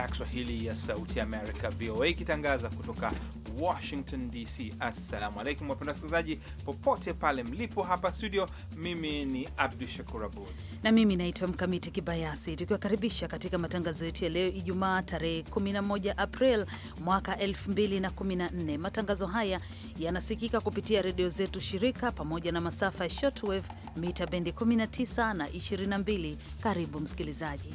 idhaa ya Kiswahili ya Sauti ya Amerika, VOA, ikitangaza kutoka Washington DC. Assalamu alaikum wapenda wasikilizaji popote pale mlipo. Hapa studio, mimi ni Abdu Shakur Abud na mimi naitwa Mkamiti Kibayasi, tukiwakaribisha katika matangazo yetu ya leo Ijumaa tarehe 11 April mwaka 2014. Matangazo haya yanasikika kupitia redio zetu shirika pamoja na masafa ya shortwave mita bendi 19 na 22. Karibu msikilizaji.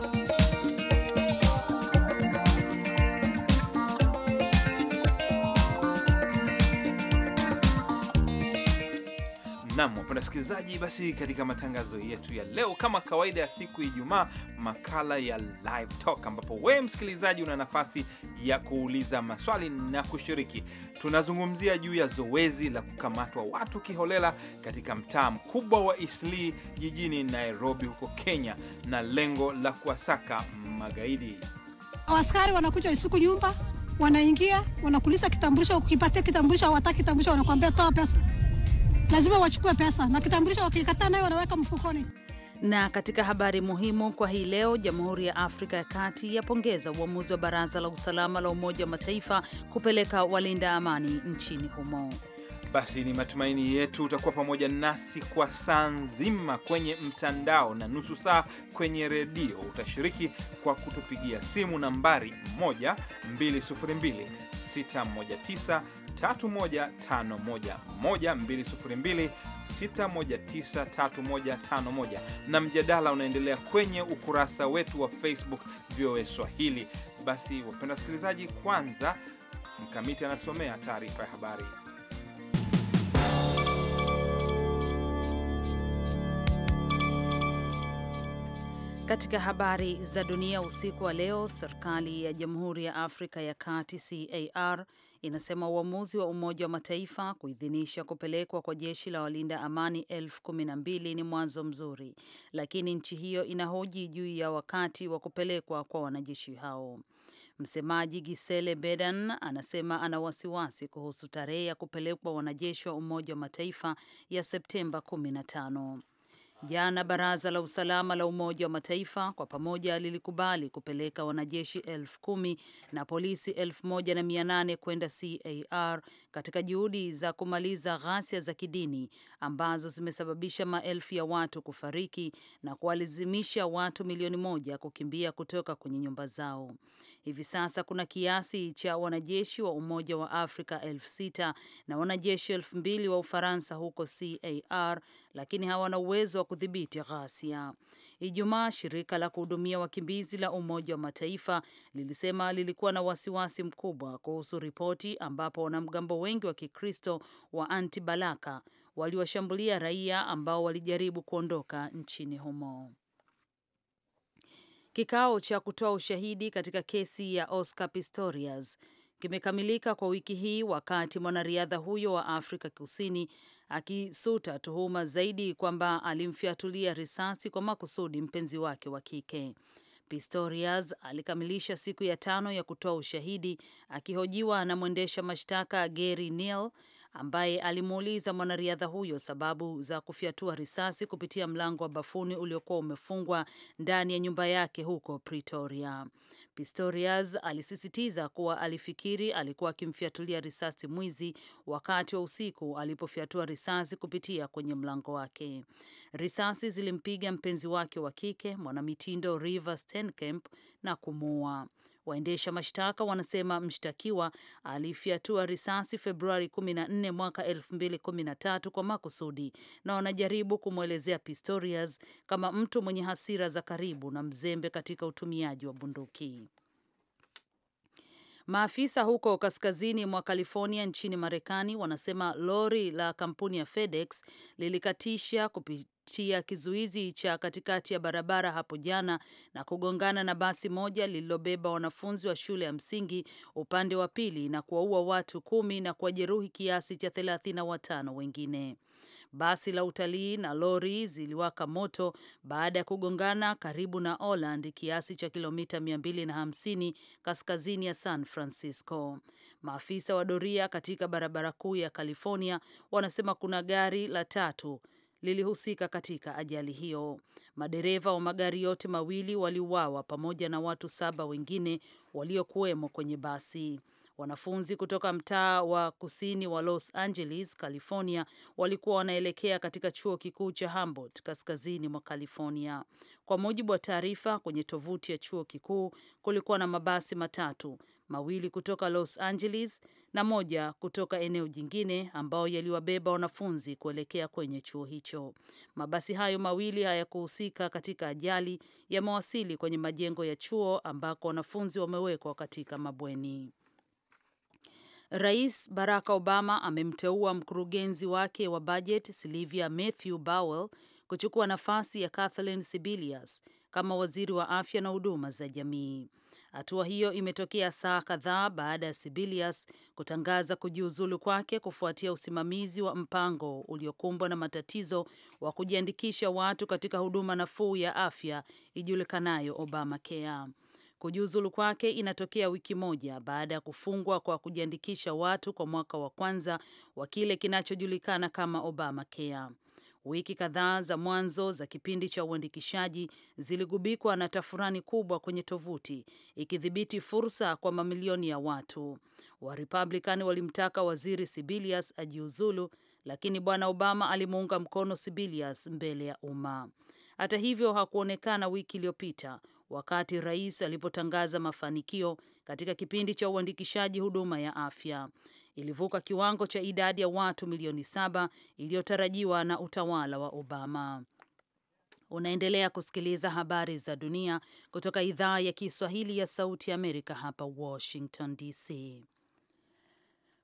Nam wapenda sikilizaji, basi katika matangazo yetu ya leo, kama kawaida ya siku Ijumaa, makala ya Live Talk, ambapo wewe msikilizaji una nafasi ya kuuliza maswali na kushiriki. Tunazungumzia juu ya zoezi la kukamatwa watu kiholela katika mtaa mkubwa wa Isli jijini Nairobi huko Kenya, na lengo la kuwasaka magaidi. Askari wanakuja usiku nyumba, wanaingia, wanakuuliza kitambulisho, ukipatia kitambulisho, hawataki kitambulisho, wanakuambia toa pesa lazima wachukue pesa na kitambulisho, wakikataa nayo wanaweka mfukoni. Na katika habari muhimu kwa hii leo, Jamhuri ya Afrika ya Kati yapongeza uamuzi wa Baraza la Usalama la Umoja wa Mataifa kupeleka walinda amani nchini humo. Basi ni matumaini yetu utakuwa pamoja nasi kwa saa nzima kwenye mtandao na nusu saa kwenye redio. Utashiriki kwa kutupigia simu nambari 1 202 619 315112026193193151 na mjadala unaendelea kwenye ukurasa wetu wa Facebook VOA Swahili. Basi wapenda wasikilizaji, kwanza Mkamiti anatusomea taarifa ya habari. Katika habari za dunia usiku wa leo, serikali ya Jamhuri ya Afrika ya Kati CAR inasema uamuzi wa Umoja wa Mataifa kuidhinisha kupelekwa kwa jeshi la walinda amani elfu kumi na mbili ni mwanzo mzuri, lakini nchi hiyo inahoji juu ya wakati wa kupelekwa kwa wanajeshi hao. Msemaji Gisele Bedan anasema ana wasiwasi kuhusu tarehe ya kupelekwa wanajeshi wa Umoja wa Mataifa ya Septemba 15. Jana baraza la usalama la Umoja wa Mataifa kwa pamoja lilikubali kupeleka wanajeshi elfu kumi na polisi elfu moja na mia nane kwenda CAR katika juhudi za kumaliza ghasia za kidini ambazo zimesababisha maelfu ya watu kufariki na kuwalazimisha watu milioni moja kukimbia kutoka kwenye nyumba zao. Hivi sasa kuna kiasi cha wanajeshi wa Umoja wa Afrika elfu sita na wanajeshi elfu mbili wa Ufaransa huko CAR, lakini hawana uwezo kudhibiti ghasia. Ijumaa, shirika la kuhudumia wakimbizi la Umoja wa Mataifa lilisema lilikuwa na wasiwasi mkubwa kuhusu ripoti ambapo wanamgambo wengi wa Kikristo wa anti balaka waliwashambulia raia ambao walijaribu kuondoka nchini humo. Kikao cha kutoa ushahidi katika kesi ya Oscar Pistorius kimekamilika kwa wiki hii wakati mwanariadha huyo wa Afrika Kusini akisuta tuhuma zaidi kwamba alimfyatulia risasi kwa makusudi mpenzi wake wa kike. Pistorius alikamilisha siku ya tano ya kutoa ushahidi akihojiwa na mwendesha mashtaka Gary Neal ambaye alimuuliza mwanariadha huyo sababu za kufyatua risasi kupitia mlango wa bafuni uliokuwa umefungwa ndani ya nyumba yake huko Pretoria. Pistorius alisisitiza kuwa alifikiri alikuwa akimfyatulia risasi mwizi wakati wa usiku alipofyatua risasi kupitia kwenye mlango wake. Risasi zilimpiga mpenzi wake wa kike mwanamitindo River Steenkamp na kumuua. Waendesha mashtaka wanasema mshtakiwa alifyatua risasi Februari 14 mwaka 2013 kwa makusudi na wanajaribu kumwelezea Pistorius kama mtu mwenye hasira za karibu na mzembe katika utumiaji wa bunduki. Maafisa huko kaskazini mwa California nchini Marekani wanasema lori la kampuni ya FedEx lilikatisha kupitia kizuizi cha katikati ya barabara hapo jana na kugongana na basi moja lililobeba wanafunzi wa shule ya msingi upande wa pili na kuwaua watu kumi na kuwajeruhi kiasi cha thelathini na watano wengine. Basi la utalii na lori ziliwaka moto baada ya kugongana karibu na oland kiasi cha kilomita 250 kaskazini ya San Francisco. Maafisa wa doria katika barabara kuu ya California wanasema kuna gari la tatu lilihusika katika ajali hiyo. Madereva wa magari yote mawili waliuawa pamoja na watu saba wengine waliokuwemo kwenye basi. Wanafunzi kutoka mtaa wa kusini wa Los Angeles, California, walikuwa wanaelekea katika chuo kikuu cha Humboldt kaskazini mwa California. Kwa mujibu wa taarifa kwenye tovuti ya chuo kikuu, kulikuwa na mabasi matatu, mawili kutoka Los Angeles na moja kutoka eneo jingine, ambayo yaliwabeba wanafunzi kuelekea kwenye chuo hicho. Mabasi hayo mawili hayakuhusika katika ajali, yamewasili kwenye majengo ya chuo ambako wanafunzi wamewekwa katika mabweni. Rais Barack Obama amemteua mkurugenzi wake wa bajet Silivia Matthew Powell kuchukua nafasi ya Kathleen Sibilias kama waziri wa afya na huduma za jamii. Hatua hiyo imetokea saa kadhaa baada ya Sibilias kutangaza kujiuzulu kwake kufuatia usimamizi wa mpango uliokumbwa na matatizo wa kujiandikisha watu katika huduma nafuu ya afya ijulikanayo Obamacare. Kujiuzulu kwake inatokea wiki moja baada ya kufungwa kwa kujiandikisha watu kwa mwaka wa kwanza wa kile kinachojulikana kama Obamacare. Wiki kadhaa za mwanzo za kipindi cha uandikishaji ziligubikwa na tafurani kubwa kwenye tovuti ikidhibiti fursa kwa mamilioni ya watu. Warepublikani walimtaka waziri Sibilius ajiuzulu, lakini bwana Obama alimuunga mkono Sibilius mbele ya umma. Hata hivyo, hakuonekana wiki iliyopita wakati rais alipotangaza mafanikio katika kipindi cha uandikishaji huduma ya afya. Ilivuka kiwango cha idadi ya watu milioni saba iliyotarajiwa na utawala wa Obama. Unaendelea kusikiliza habari za dunia kutoka idhaa ya Kiswahili ya Sauti ya Amerika hapa Washington DC.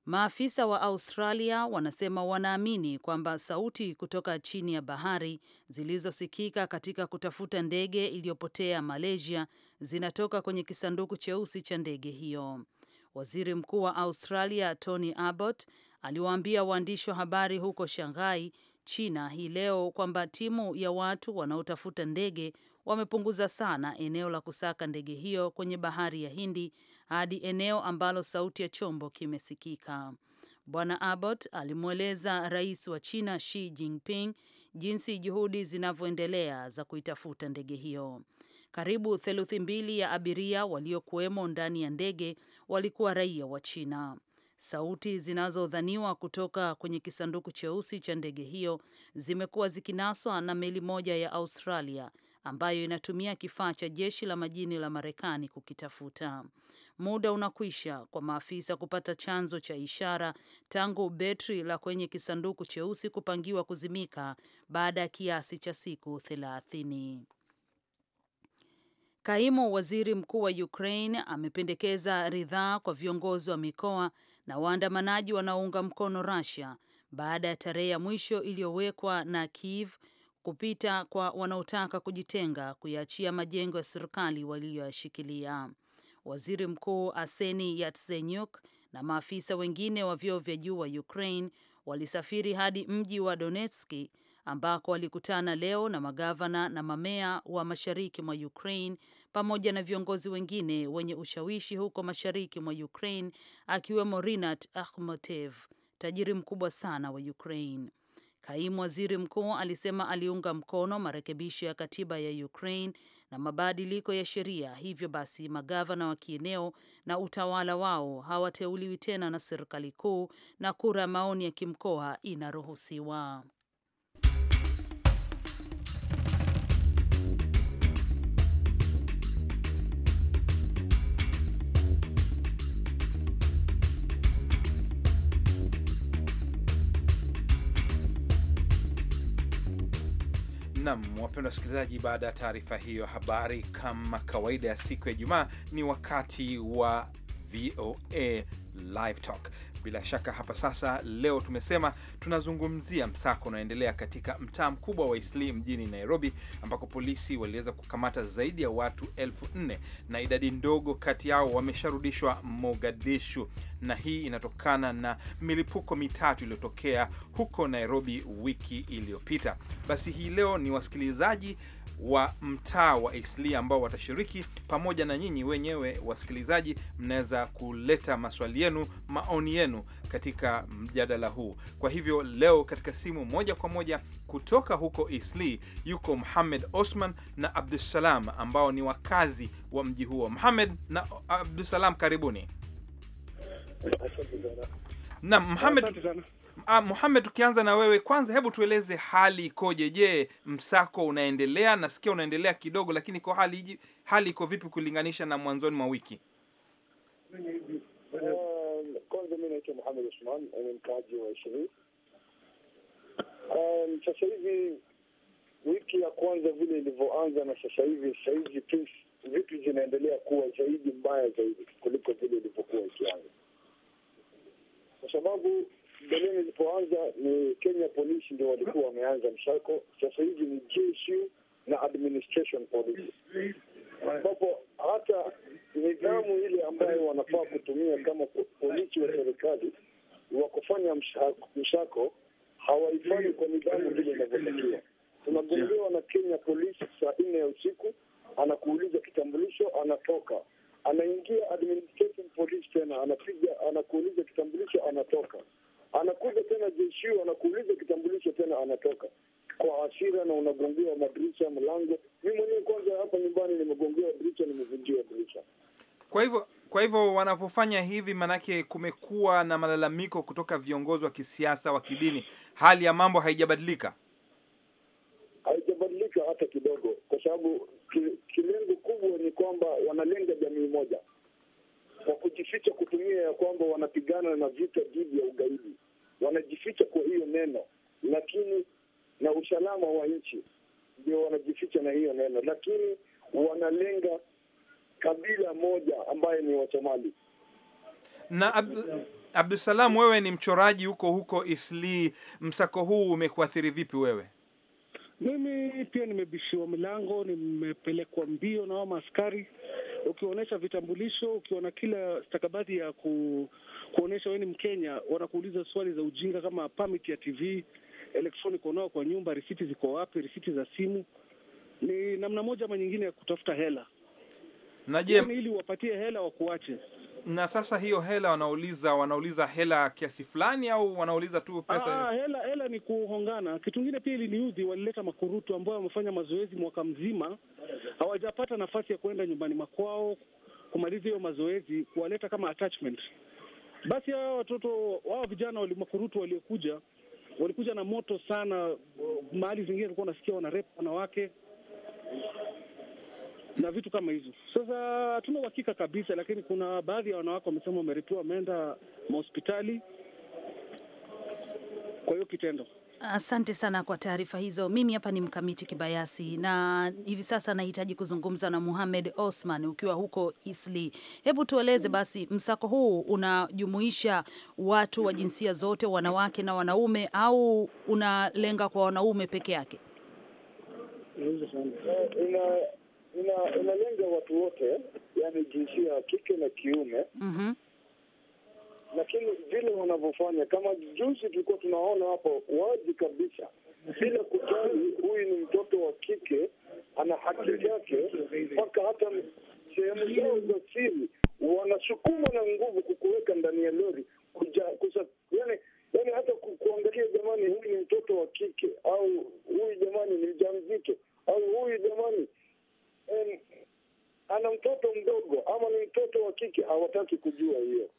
Maafisa wa Australia wanasema wanaamini kwamba sauti kutoka chini ya bahari zilizosikika katika kutafuta ndege iliyopotea Malaysia zinatoka kwenye kisanduku cheusi cha ndege hiyo. Waziri Mkuu wa Australia Tony Abbott aliwaambia waandishi wa habari huko Shanghai, China hii leo kwamba timu ya watu wanaotafuta ndege wamepunguza sana eneo la kusaka ndege hiyo kwenye bahari ya Hindi hadi eneo ambalo sauti ya chombo kimesikika. Bwana Abbott alimweleza rais wa China Xi Jinping jinsi juhudi zinavyoendelea za kuitafuta ndege hiyo. Karibu theluthi mbili ya abiria waliokuwemo ndani ya ndege walikuwa raia wa China. Sauti zinazodhaniwa kutoka kwenye kisanduku cheusi cha ndege hiyo zimekuwa zikinaswa na meli moja ya Australia ambayo inatumia kifaa cha jeshi la majini la Marekani kukitafuta. Muda unakwisha kwa maafisa kupata chanzo cha ishara tangu betri la kwenye kisanduku cheusi kupangiwa kuzimika baada ya kiasi cha siku thelathini. Kaimu waziri mkuu wa Ukraine amependekeza ridhaa kwa viongozi wa mikoa na waandamanaji wanaounga mkono Russia baada ya tarehe ya mwisho iliyowekwa na Kiev kupita kwa wanaotaka kujitenga kuyaachia majengo ya serikali waliyoyashikilia. Waziri Mkuu arseni Yatsenyuk na maafisa wengine wa vyoo vya juu wa Ukraine walisafiri hadi mji wa Donetski ambako walikutana leo na magavana na mamea wa mashariki mwa Ukraine pamoja na viongozi wengine wenye ushawishi huko mashariki mwa Ukraine akiwemo Rinat Akhmetev, tajiri mkubwa sana wa Ukraine. Kaimu waziri mkuu alisema aliunga mkono marekebisho ya katiba ya Ukraine na mabadiliko ya sheria, hivyo basi magavana wa kieneo na utawala wao hawateuliwi tena na serikali kuu na kura ya maoni ya kimkoa inaruhusiwa. Nam, wapendwa wasikilizaji, baada ya taarifa hiyo habari, kama kawaida ya siku ya Ijumaa, ni wakati wa VOA Live Talk. Bila shaka hapa sasa, leo tumesema tunazungumzia msako unaoendelea katika mtaa mkubwa wa Isli mjini Nairobi, ambako polisi waliweza kukamata zaidi ya watu elfu nne na idadi ndogo kati yao wamesharudishwa Mogadishu, na hii inatokana na milipuko mitatu iliyotokea huko Nairobi wiki iliyopita. Basi hii leo ni wasikilizaji wa mtaa wa isli ambao watashiriki pamoja na nyinyi wenyewe wasikilizaji. Mnaweza kuleta maswali yenu, maoni yenu katika mjadala huu. Kwa hivyo leo katika simu moja kwa moja kutoka huko Isli yuko Muhamed Osman na Abdusalam ambao ni wakazi wa mji huo. Muhamed na Abdusalam, karibuni. Naam, Muhamed Ah, Muhammad, tukianza na wewe kwanza, hebu tueleze hali ikoje? Je, msako unaendelea? Nasikia unaendelea kidogo, lakini kwa hali hali iko vipi kulinganisha na mwanzoni mwa wiki? Um, kwanza mi naitwa Muhammad Usman, ni mkaaji wa um, Sasa hivi wiki ya kwanza vile ilivyoanza na sasa hivi, sasa hivi vitu zinaendelea kuwa zaidi mbaya zaidi kuliko vile ilivyokuwa ikianza, kwa sababu beleni ilipoanza ni Kenya Police ndio walikuwa wameanza msako. Sasa hivi ni jeshi na administration police, ambapo hata nidhamu ile ambayo wanafaa kutumia kama polisi wa serikali wa kufanya msako, msako hawaifanyi kwa nidhamu vile inavyotakiwa. Tunagongewa na Kenya Police saa nne ya usiku, anakuuliza kitambulisho, anatoka anaingia administration police tena anapiga, anakuuliza kitambulisho, anatoka anakuja tena jeshi, anakuuliza kitambulisho tena, anatoka kwa asira na unagongewa madirisha, mlango. Mi mwenyewe kwanza hapa nyumbani nimegongewa dirisha, nimevunjiwa dirisha. Kwa hivyo kwa hivyo wanapofanya hivi, maanake kumekuwa na malalamiko kutoka viongozi wa kisiasa, wa kidini. Hali ya mambo haijabadilika, haijabadilika hata kidogo, kwa sababu kilengo kubwa ni kwamba wanalenga jamii moja kwa kujificha kutumia ya kwamba wanapigana na vita dhidi ya ugaidi, wanajificha kwa hiyo neno, lakini na usalama wa nchi ndio wanajificha na hiyo neno, lakini wanalenga kabila moja ambaye ni Wasomali na ab Abdusalam, wewe ni mchoraji huko huko Isli, msako huu umekuathiri vipi wewe? Mimi pia nimebishiwa milango, nimepelekwa mbio na wao maaskari ukionyesha vitambulisho, ukiona kila stakabadhi ya ku, kuonyesha wewe ni Mkenya, wanakuuliza swali za ujinga kama permit ya TV, electronic unao kwa nyumba, risiti ziko wapi, risiti za simu. Ni namna moja ama nyingine ya kutafuta hela. Na je, yaani ili wapatie hela wakuache na sasa hiyo hela wanauliza wanauliza hela kiasi fulani au wanauliza tu pesa? Aa, ah, ah, hela hela ni kuhongana. Kitu kingine pia iliniudhi, walileta makurutu ambayo wamefanya mazoezi mwaka mzima, hawajapata nafasi ya kuenda nyumbani makwao kumaliza hiyo mazoezi, kuwaleta kama attachment. Basi hawa watoto hawa vijana wali makurutu waliokuja walikuja na moto sana. Mahali zingine tulikuwa nasikia wana rep wanawake na vitu kama hizo. Sasa hatuna uhakika kabisa, lakini kuna baadhi ya wanawake wamesema wameripiwa, wameenda mahospitali kwa hiyo kitendo. Asante sana kwa taarifa hizo. Mimi hapa ni Mkamiti Kibayasi na hivi sasa nahitaji kuzungumza na Muhamed Osman ukiwa huko Isli. Hebu tueleze basi, msako huu unajumuisha watu wa jinsia zote, wanawake na wanaume, au unalenga kwa wanaume peke yake? inalenga watu wote, yani jinsia ya kike na kiume mm-hmm. Lakini vile wanavyofanya, kama juzi tulikuwa tunaona hapo wazi kabisa, bila kujali huyu ni mtoto wa kike, ana haki yake, mpaka hata sehemu zao za siri wanasukuma na nguvu kukuweka ndani ya lori kuja, kusa, yani, yani hata kuangalia, jamani, huyu ni mtoto wa kike, au huyu jamani ni mjamzito, au huyu jamani yani ana mtoto mdogo ama ni mtoto wa kike, hawataki kujua hiyo.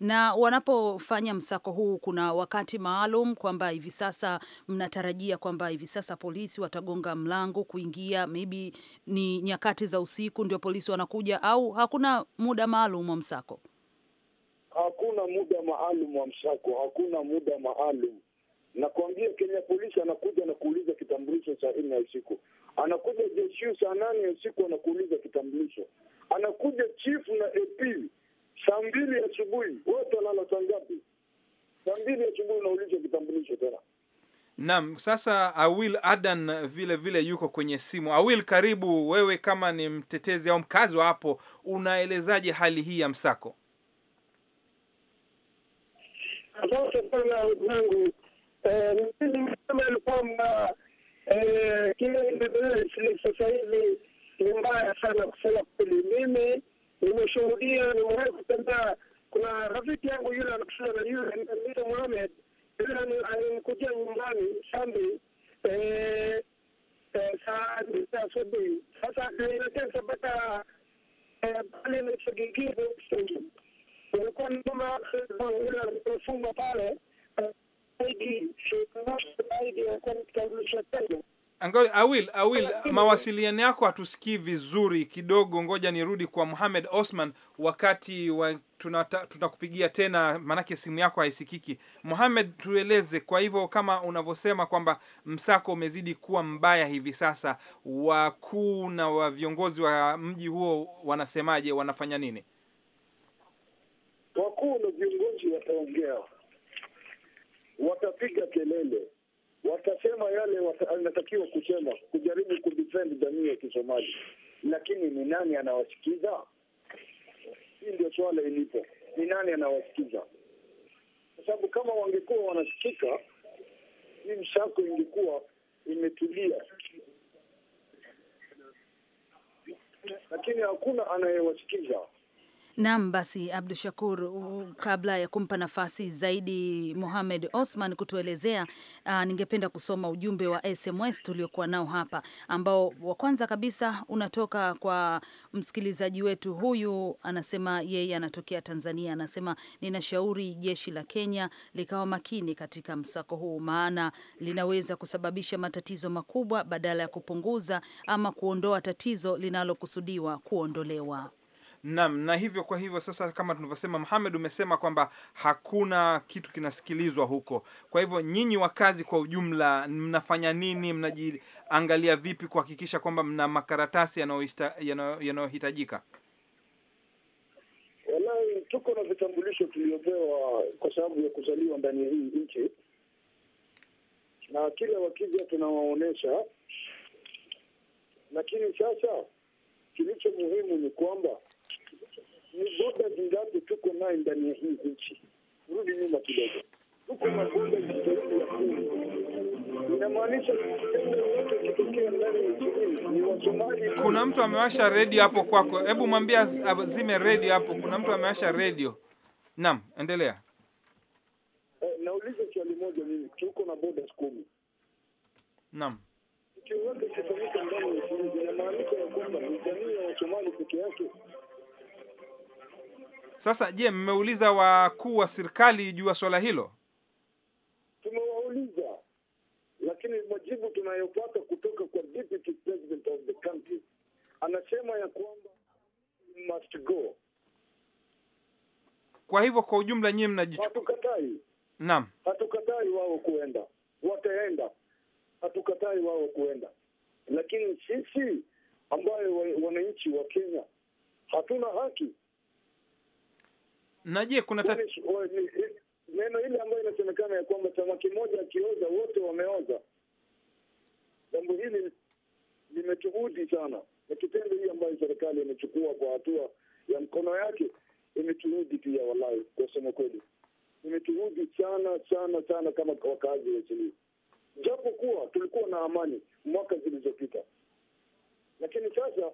Na wanapofanya msako huu, kuna wakati maalum kwamba hivi sasa mnatarajia kwamba hivi sasa polisi watagonga mlango kuingia, maybe ni nyakati za usiku ndio polisi wanakuja, au hakuna muda maalum wa msako? Hakuna muda maalum wa msako, hakuna muda maalum na kuambia Kenya polisi anakuja na kuuliza kitambulisho saa nne ya usiku, anakuja jeshi saa nane ya usiku anakuuliza kitambulisho, anakuja chifu na AP saa mbili asubuhi. Wote walala saa ngapi? Saa mbili asubuhi unauliza kitambulisho tena. Naam, sasa Awil Adan vile vile yuko kwenye simu. Awil, karibu wewe, kama ni mtetezi au mkazi wa hapo, unaelezaje hali hii ya msako? Asante sana wenzangu. Eh, nimesema kwamba eh, kinaendelea nchini sasa hivi ni mbaya sana, kusema kweli. Mimi nimeshuhudia, nimewahi kutembea. Kuna rafiki yangu yule anakusema na yule ndio Mohamed yule alimkujia nyumbani sambi eh, saa nita asubuhi. Sasa inajensa mpaka pale nichogigivu ulikuwa noma yule alifunga pale Angoli, awil will. mawasiliano yako hatusikii vizuri kidogo, ngoja nirudi kwa muhamed Osman wakati wa tunakupigia tuna tena, maanake simu yako haisikiki. Mohamed, tueleze kwa hivyo, kama unavyosema kwamba msako umezidi kuwa mbaya hivi sasa, wakuu na wa viongozi wa mji huo wanasemaje? Wanafanya nini? Wakuu na viongozi wataongea watapiga kelele, watasema yale wanatakiwa kusema, kujaribu kudefend jamii ya Kisomali, lakini ni nani anawasikiza? Hii ndio swala ilipo, ni nani anawasikiza? Kwa sababu kama wangekuwa wanasikika, hii msako ingekuwa imetulia, lakini hakuna anayewasikiza. Naam, basi Abdu Shakur, kabla ya kumpa nafasi zaidi muhamed Osman kutuelezea, uh, ningependa kusoma ujumbe wa SMS tuliokuwa nao hapa, ambao wa kwanza kabisa unatoka kwa msikilizaji wetu huyu, anasema yeye anatokea Tanzania. Anasema ninashauri jeshi la Kenya likawa makini katika msako huu, maana linaweza kusababisha matatizo makubwa badala ya kupunguza ama kuondoa tatizo linalokusudiwa kuondolewa. Naam, na hivyo kwa hivyo sasa, kama tunavyosema, Muhammad, umesema kwamba hakuna kitu kinasikilizwa huko. Kwa hivyo nyinyi wakazi kwa ujumla, mnafanya nini? Mnajiangalia vipi kuhakikisha kwamba mna makaratasi yanayohitajika? Wallahi, tuko na vitambulisho tuliopewa kwa sababu ya kuzaliwa ndani ya hii nchi, na kila wakija tunawaonyesha, lakini sasa kilicho muhimu ni kwamba ni boda zingapi tuko naye ndani ya hii nchi? Rudi nyuma kidogo, tuko na boda ya kumi. Inamaanisha kitokea ndani ya nchi ni Wasomali. Kuna mtu amewasha redio hapo kwako, hebu mwambie azime redio hapo. Kuna mtu amewasha redio. Naam, endelea. Eh, nauliza swali moja mimi, tuko na boda kumi. Naam kifanyika ndani ya nchi inamaanisha ya kwamba ni jamii ya Wasomali peke yake sasa je, mmeuliza wakuu wa serikali juu ya swala hilo? Tumewauliza, lakini majibu tunayopata kutoka kwa deputy president of the country anasema ya kwamba must go. Kwa hivyo kwa ujumla nyie mnajichukua, hatukatai. Naam, hatukatai wao kuenda, wataenda, hatukatai wao kuenda, lakini sisi ambayo wananchi wa Kenya hatuna haki na je kuna ta... neno hili ambayo inasemekana ya kwamba samaki kimoja akioza wote wameoza, jambo hili limetuhudi sana, na kitendo hii ambayo serikali imechukua kwa hatua ya mkono yake imetuhudi pia, walai kwa kweli imetuhudi sana sana sana kama wakazi wa Simiyu, japo kuwa tulikuwa na amani mwaka zilizopita, lakini sasa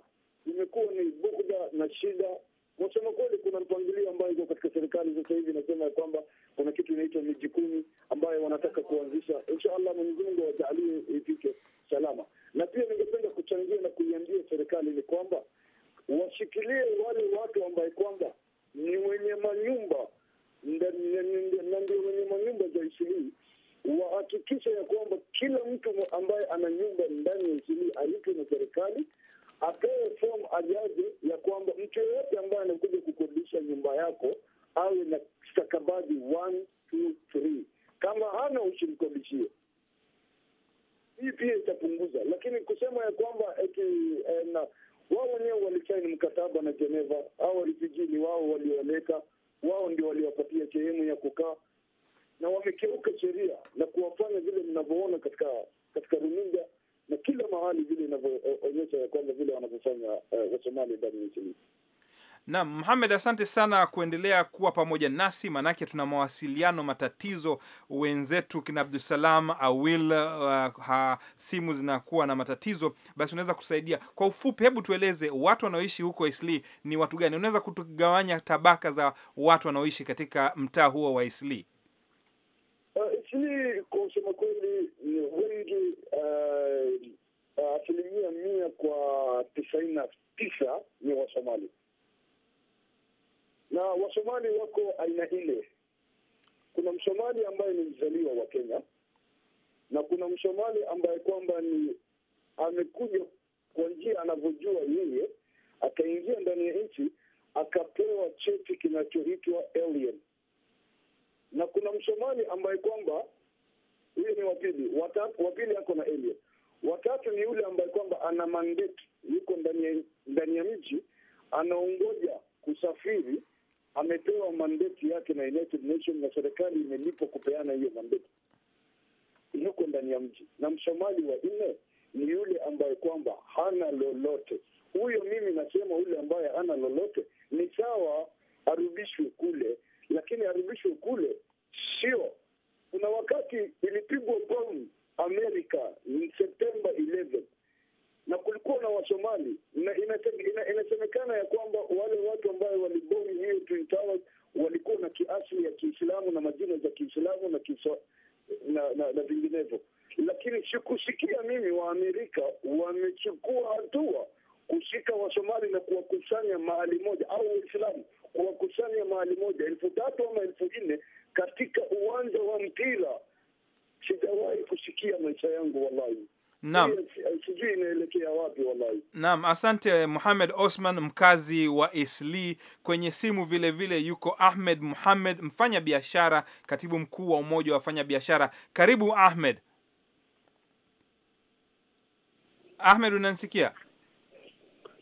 imekuwa ni bugda na shida, kwa kweli kuna mpangilio ambayo iko katika serikali sasa hivi inasema ya kwamba kuna kitu inaitwa miji kumi ambayo wanataka kuanzisha. Insha Allah Mwenyezi Mungu awajalie ifike salama. Na pia ningependa kuchangia na kuiambia serikali ni kwamba washikilie wale watu ambaye kwamba ni wenye manyumba na ndio wenye manyumba za Isilii, wahakikisha ya kwamba kila mtu ambaye ana nyumba ndani ya Isilii alipe na serikali apewe fomu ajaze ya kwamba mtu yeyote ambaye anakuja kukodisha nyumba yako awe na stakabadhi one two three. Kama hana usimkodishie. Hii pia itapunguza, lakini kusema ya kwamba eti eh, na wao wenyewe walisaini mkataba na Geneva au refugee ni wao walioleta, wao ndio waliwapatia sehemu ya kukaa na wamekeuka sheria na kuwafanya vile mnavyoona katika katika runinga na kila mahali vile inavyoonyesha ya kwamba vile wanavyofanya eh, Wasomali ndani ya nchi. Naam, Muhamed, asante sana kuendelea kuwa pamoja nasi, maanake tuna mawasiliano matatizo. Wenzetu kina Abdusalam Awil, uh, ha, simu zinakuwa na matatizo, basi unaweza kusaidia kwa ufupi. Hebu tueleze watu wanaoishi huko Isli ni watu gani? Unaweza kutugawanya tabaka za watu wanaoishi katika mtaa huo wa Isli? Uh, Isli asilimia mia kwa tisaini na tisa ni Wasomali na Wasomali wako aina ile. Kuna Msomali ambaye ni mzaliwa wa Kenya na kuna Msomali ambaye kwamba ni amekuja kwa njia anavyojua yeye, akaingia ndani ya nchi akapewa cheti kinachoitwa alien, na kuna Msomali ambaye kwamba huyo ni wapili, wa pili ako na alien Watatu ni yule ambaye kwamba ana mandate, yuko ndani ya mji, anaongoja kusafiri, amepewa mandate yake na United Nations na serikali imelipwa kupeana hiyo mandate, yuko ndani ya mji. Na msomali wa nne ni yule ambaye kwamba hana lolote. Huyo mimi nasema yule ambaye hana lolote ni sawa arudishwe kule, lakini arudishwe kule sio. Kuna wakati ilipigwa bomu Amerika Septemba 11 na kulikuwa na Wasomali na inasemekana ya kwamba wale watu ambayo waliboni hiyo Twin Towers walikuwa na kiasili ya Kiislamu na majina za Kiislamu na kiswa, na, na, na vinginevyo, lakini sikusikia mimi Waamerika wamechukua hatua kushika Wasomali na kuwakusanya mahali moja au Waislamu kuwakusanya mahali moja elfu tatu ama elfu nne katika uwanja wa mpira sijawahi kusikia maisha yangu wallahi. Naam, sijui inaelekea wapi wallahi. Naam, asante eh, Muhamed Osman, mkazi wa Isli. Kwenye simu vile vile yuko Ahmed Muhamed, mfanya biashara, katibu mkuu wa umoja wa wafanya biashara. Karibu Ahmed. Ahmed, unanisikia?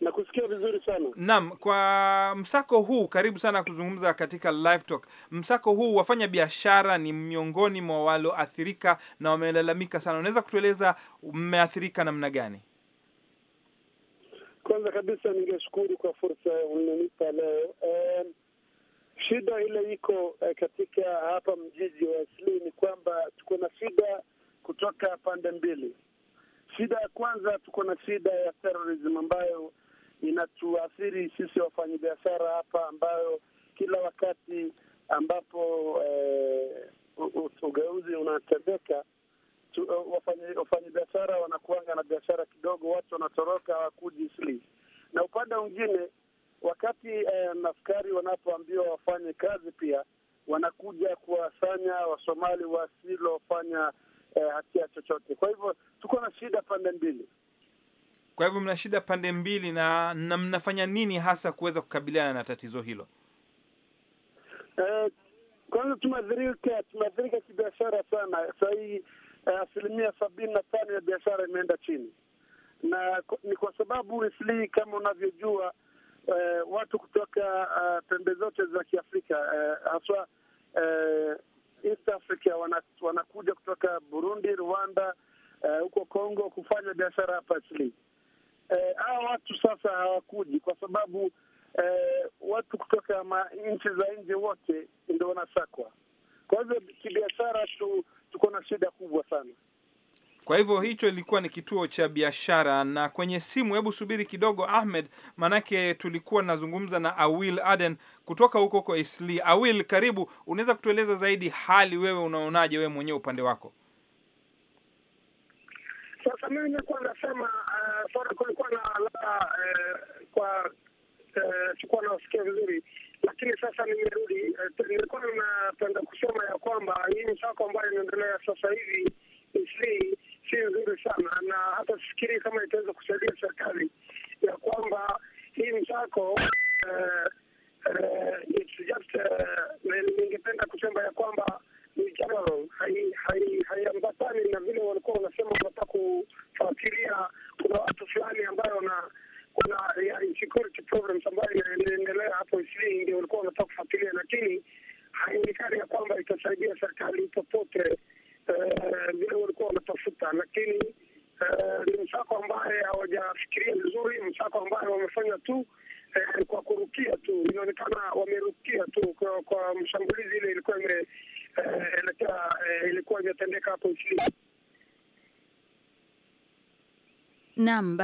Nakusikia vizuri sana. Naam, kwa msako huu karibu sana kuzungumza katika Live Talk. Msako huu wafanya biashara ni miongoni mwa walioathirika na wamelalamika sana. Unaweza kutueleza mmeathirika namna gani? Kwanza kabisa ningeshukuru kwa fursa ulionipa leo. E, shida ile iko e, katika hapa mjiji wa Asli ni kwamba tuko na shida kutoka pande mbili. Shida ya kwanza, tuko na shida ya terrorism ambayo inatuathiri sisi wafanyabiashara hapa, ambayo kila wakati ambapo eh, ugeuzi unatembeka wafanyabiashara wanakuanga na biashara kidogo, watu wanatoroka hawakuji sli. Na upande mwingine, wakati eh, maskari wanapoambiwa wafanye kazi, pia wanakuja kuwasanya Wasomali wasilofanya eh, hatia chochote. Kwa hivyo tuko na shida pande mbili. Kwa hivyo mna shida pande mbili na, na mnafanya nini hasa kuweza kukabiliana na tatizo hilo? Uh, kwanza tumeathirika tumeathirika kibiashara sana saa hii. Uh, asilimia sabini na tano ya biashara imeenda chini, na ni kwa sababu isli kama unavyojua uh, watu kutoka uh, pembe zote za Kiafrika uh, haswa uh, East Africa wanakuja kutoka Burundi, Rwanda, huko uh, kufanya biashara hapa asli Eh, hawa eh, watu sasa hawakuji kwa sababu eh, watu kutoka nchi za nje wote ndo wanasakwa. Kwa hivyo kibiashara tu, tuko na shida kubwa sana. Kwa hivyo hicho ilikuwa ni kituo cha biashara. Na kwenye simu, hebu subiri kidogo Ahmed, maanake tulikuwa nazungumza na Awil Aden kutoka huko kwa Isli. Awil, karibu, unaweza kutueleza zaidi hali, wewe unaonaje wewe mwenyewe upande wako? Sasa mimi nilikuwa nasema kulikuwa na labda eh, kwa eh, sikuwa nasikia vizuri, lakini sasa nimerudi. Eh, nilikuwa ninapenda kusema ya kwamba hii msako ambayo inaendelea sasa hivi isii si nzuri sana, na hata sifikiri kama itaweza kusaidia serikali ya kwamba hii msako, ningependa kusema ya kwamba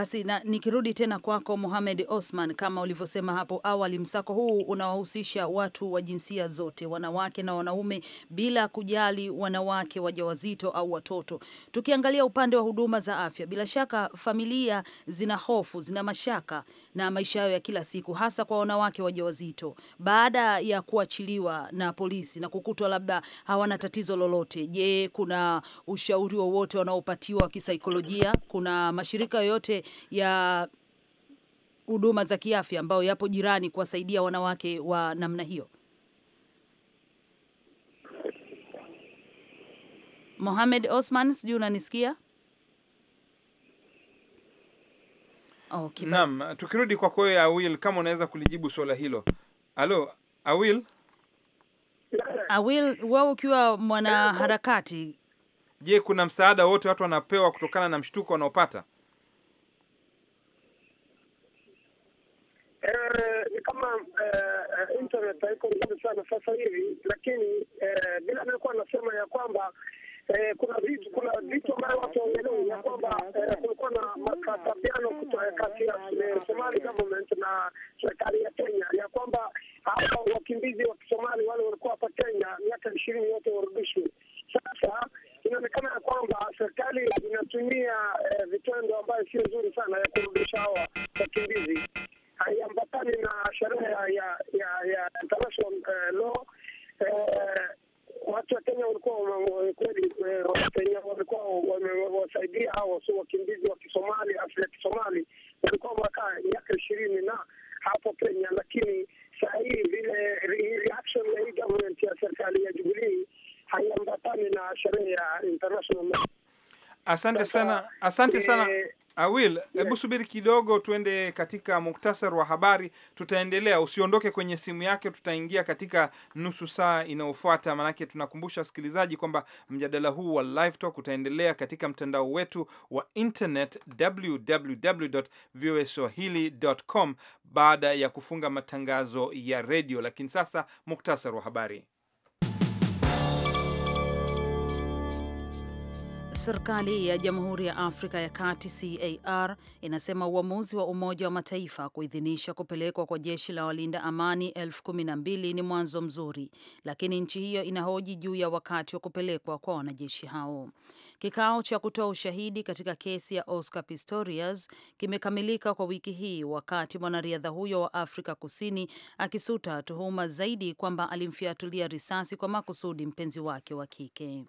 Basi na, nikirudi tena kwako Mohamed Osman, kama ulivyosema hapo awali, msako huu unawahusisha watu wa jinsia zote, wanawake na wanaume, bila kujali wanawake wajawazito au watoto. Tukiangalia upande wa huduma za afya, bila shaka familia zina hofu, zina mashaka na maisha yao ya kila siku, hasa kwa wanawake wajawazito. Baada ya kuachiliwa na polisi na kukutwa labda hawana tatizo lolote, je, kuna ushauri wowote wanaopatiwa wa kisaikolojia? Kuna mashirika yoyote ya huduma za kiafya ambayo yapo jirani kuwasaidia wanawake wa namna hiyo? Mohamed Osman, sijui unanisikia? Okay, oh, naam, tukirudi kwako wewe Awil, kama unaweza kulijibu swala hilo. Halo Awil, Awil, wewe ukiwa mwanaharakati, je, kuna msaada wote watu wanapewa kutokana na mshtuko wanaopata? Eh, kama eh, internet haiko nzuri sana sasa hivi, lakini eh, bila nilikuwa nasema ya kwamba kuna vitu kuna vitu ambayo watu waongelei ya kwamba kulikuwa na makatabiano kati ya Somali government na serikali ya Kenya ya kwamba hawa wakimbizi wa Kisomali wale walikuwa hapa Kenya miaka ishirini yote warudishwe. Sasa inaonekana ya kwamba serikali inatumia vitendo ambayo sio nzuri sana ya kurudisha hawa wakimbizi haiambatani na sherehe ya ya ya international eh, law. Eh, watu wa Kenya walikuwa kweli eh, walikuwa wamewasaidia hao wakimbizi wa Kisomali, asili ya Kisomali, walikuwa wamekaa miaka ishirini na hapo Kenya, lakini saa hii vile reaction ya hii government ya serikali ya Jubilii haiambatani na sherehe ya international Asante sana, asante sana. Awil, hebu subiri kidogo, tuende katika muktasar wa habari. Tutaendelea, usiondoke kwenye simu yake, tutaingia katika nusu saa inayofuata, maanake tunakumbusha wasikilizaji kwamba mjadala huu wa Live Talk utaendelea katika mtandao wetu wa internet www.voaswahili.com baada ya kufunga matangazo ya redio. Lakini sasa muktasar wa habari. Serikali ya Jamhuri ya Afrika ya Kati CAR inasema uamuzi wa Umoja wa Mataifa kuidhinisha kupelekwa kwa jeshi la walinda amani elfu kumi na mbili ni mwanzo mzuri, lakini nchi hiyo inahoji juu ya wakati wa kupelekwa kwa wanajeshi hao. Kikao cha kutoa ushahidi katika kesi ya Oscar Pistorius kimekamilika kwa wiki hii, wakati mwanariadha huyo wa Afrika Kusini akisuta tuhuma zaidi kwamba alimfiatulia risasi kwa makusudi mpenzi wake wa kike.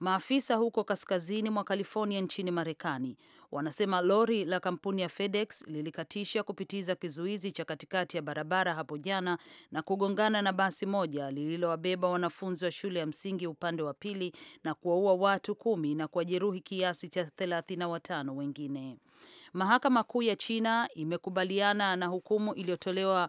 Maafisa huko kaskazini mwa California nchini Marekani wanasema lori la kampuni ya FedEx lilikatisha kupitiza kizuizi cha katikati ya barabara hapo jana na kugongana na basi moja lililowabeba wanafunzi wa shule ya msingi upande wa pili na kuwaua watu kumi na kuwajeruhi kiasi cha thelathini na watano wengine. Mahakama Kuu ya China imekubaliana na hukumu iliyotolewa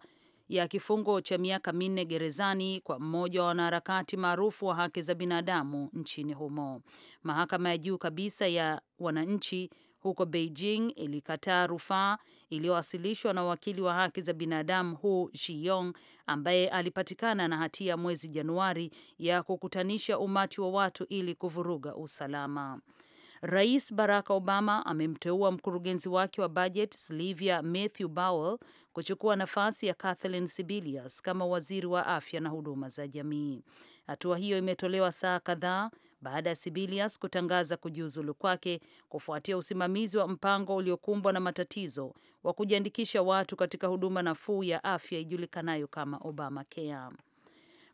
ya kifungo cha miaka minne gerezani kwa mmoja wa wanaharakati maarufu wa haki za binadamu nchini humo. Mahakama ya juu kabisa ya wananchi huko Beijing ilikataa rufaa iliyowasilishwa na wakili wa haki za binadamu Hu jiong ambaye alipatikana na hatia mwezi Januari ya kukutanisha umati wa watu ili kuvuruga usalama. Rais Barack Obama amemteua mkurugenzi wake wa bajet Slivia Matthew Powell kuchukua nafasi ya Kathleen Sibilias kama waziri wa afya na huduma za jamii. Hatua hiyo imetolewa saa kadhaa baada ya Sibilias kutangaza kujiuzulu kwake kufuatia usimamizi wa mpango uliokumbwa na matatizo wa kujiandikisha watu katika huduma nafuu ya afya ijulikanayo kama Obamacare.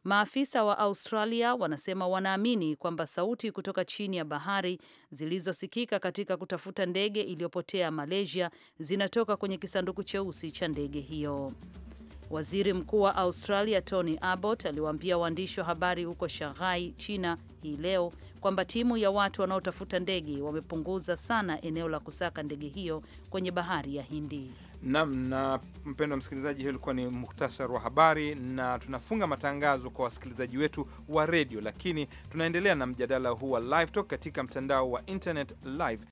Maafisa wa Australia wanasema wanaamini kwamba sauti kutoka chini ya bahari zilizosikika katika kutafuta ndege iliyopotea Malaysia zinatoka kwenye kisanduku cheusi cha ndege hiyo. Waziri Mkuu wa Australia Tony Abbott aliwaambia waandishi wa habari huko Shanghai, China hii leo kwamba timu ya watu wanaotafuta ndege wamepunguza sana eneo la kusaka ndege hiyo kwenye bahari ya Hindi. Nam na mpendwa msikilizaji, hiyo ilikuwa ni muktasari wa habari, na tunafunga matangazo kwa wasikilizaji wetu wa redio, lakini tunaendelea na mjadala huu wa live talk katika mtandao wa internet live